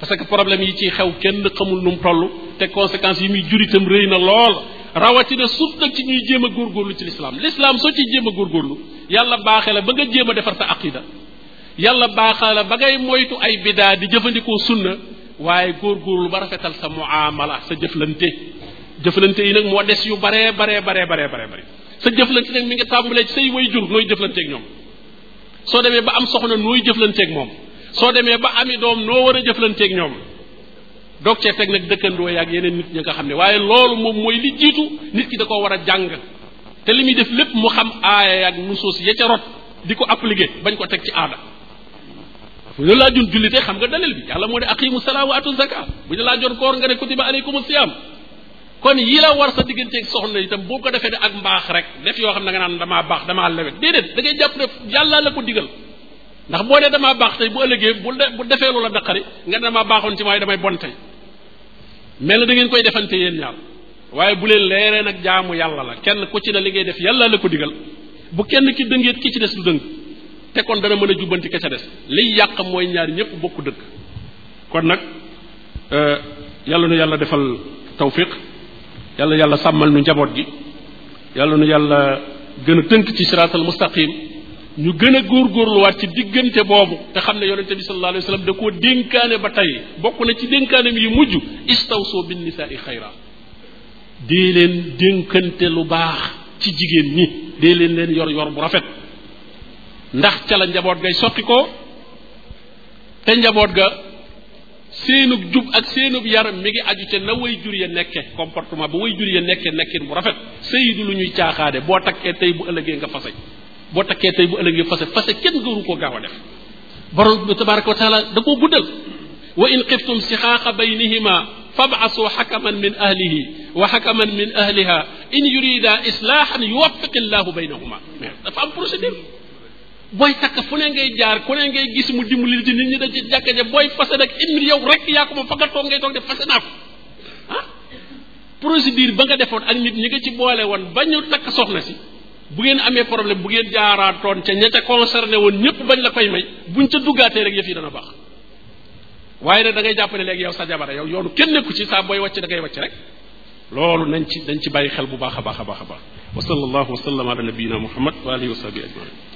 Speaker 1: parce que problème yi ciy xew kenn xamul nu mu toll te conséquences yi muy juritam réy na lool rawatina suuf nag ci ñuy jéem a góorgóorlu ci lislaam lislaam soo ciy jéema a góorgóorlu yàlla baaxee la ba nga jéem a defar sa aqida yàlla baaxee la ba ngay moytu ay biddaa di jëfandikoo sunna waaye góor góorgóorlu ba rafetal sa muamala sa jëflante jëflante yi nag moo des yu baree baree baree baree baree bare sa jëflante nag mi nga tàmbalee ci say way jur nooy jëflanteeg ñoom soo demee ba am soxna nooy jëflanteeg moom soo demee ba ami doom noo war a jëflanteeg ñoom doog cee teg nag dëkkandoo yaag yeneen nit ña nga xam ne waaye loolu moom mooy li jiitu nit ki da koo war a jàng te li muy def lépp mu xam aaya yaag nusuus ya ca rot di ko appliquer bañ ko teg ci aada bu ñu laajoon jullite xam nga dalil bi yàlla moo ne aqimu salaa wa atu zaka bu ñu laajoon koor nga ne kutiba aleykum siyaam kon yi la war sa digganteeg soxna itam boo ko defee de ak mbaax rek def yoo xam ne da nga naan damaa baax damaa lewet déedéet danga jàpp ne yàlla ko digal ndax boo ne damaa baax tey bu ëllëgee bu de bu defee loola naqari nga ne damaa baaxoon ci waaye damay bon tey mel na da ngeen koy defante yéen ñaar waaye bu leen leeree nag jaamu yàlla la kenn ku ci ne li ngay def yàlla la ko digal bu kenn ki dëngeet ki ci des du dëng te kon dana mën a jubbanti ka ca des liy yàq mooy ñaar ñëpp bokk dëkk kon nag euh, yàlla na yàlla defal tawfiq yàlla yàlla sàmmal nu njaboot gi yàlla nu yàlla gën a tënk ci siraatal mustaqim ñu gën a góorgóorluwaat ci diggante boobu te xam ne yonente bi sallallahu alayhi wa sallam da koo dénkaane ba tey bokk na ci dénkaanem yu mujj istawso bin nisaai xayra dee leen dénkante lu baax ci jigéen ñi dee leen leen yor yor bu rafet ndax cala njaboot gay soqi ko te njaboot ga seenub jub ak seenub yar mi ngi aju ca na way jur ya nekke comportement ba way jur ya nekkee nekkin bu rafet sëy du lu ñuy caaxaade boo takkee tey bu ëllëgee nga fasay boo takkee tey bu ëllëgee fase fase kenn gëru koo gaaw a def borom bi tabaraka wa taala da koo guddal wa in xiftum sixaaqa baynihima fab'asu xakaman min ahlihi wa xakaman min ahliha in yurida islaaxan yuwaffiq illaahu baynahuma mais dafa am procédure booy takk fu ne ngay jaar ku ne ngay gis mu dimbali ci nit ñi da ci jàkka ja booy fase nag imir yow rek yaa ko ma fa nga toog ngay toog de fase naa ko ah procédure ba nga defoon ak nit ñi nga ci boole woon ba ñu takk soxna si bu ngeen amee problème bu ngeen jaaraatoon ca ña ca concerné woon ñëpp bañ la koy may bu buñ ca duggaatee rek yëf yi dana baax waaye ne dangay ngay jàpp ne léegi yow sa jabara yow yoonu kenn nekku ci saa booy wàcc da ngay rek loolu nañ ci dañ ci bàyyi xel bu baax a baax a baax a baax wa sallallahu wa sallam ala nabiyina muhammad wa alihi wa sahbihi ajmain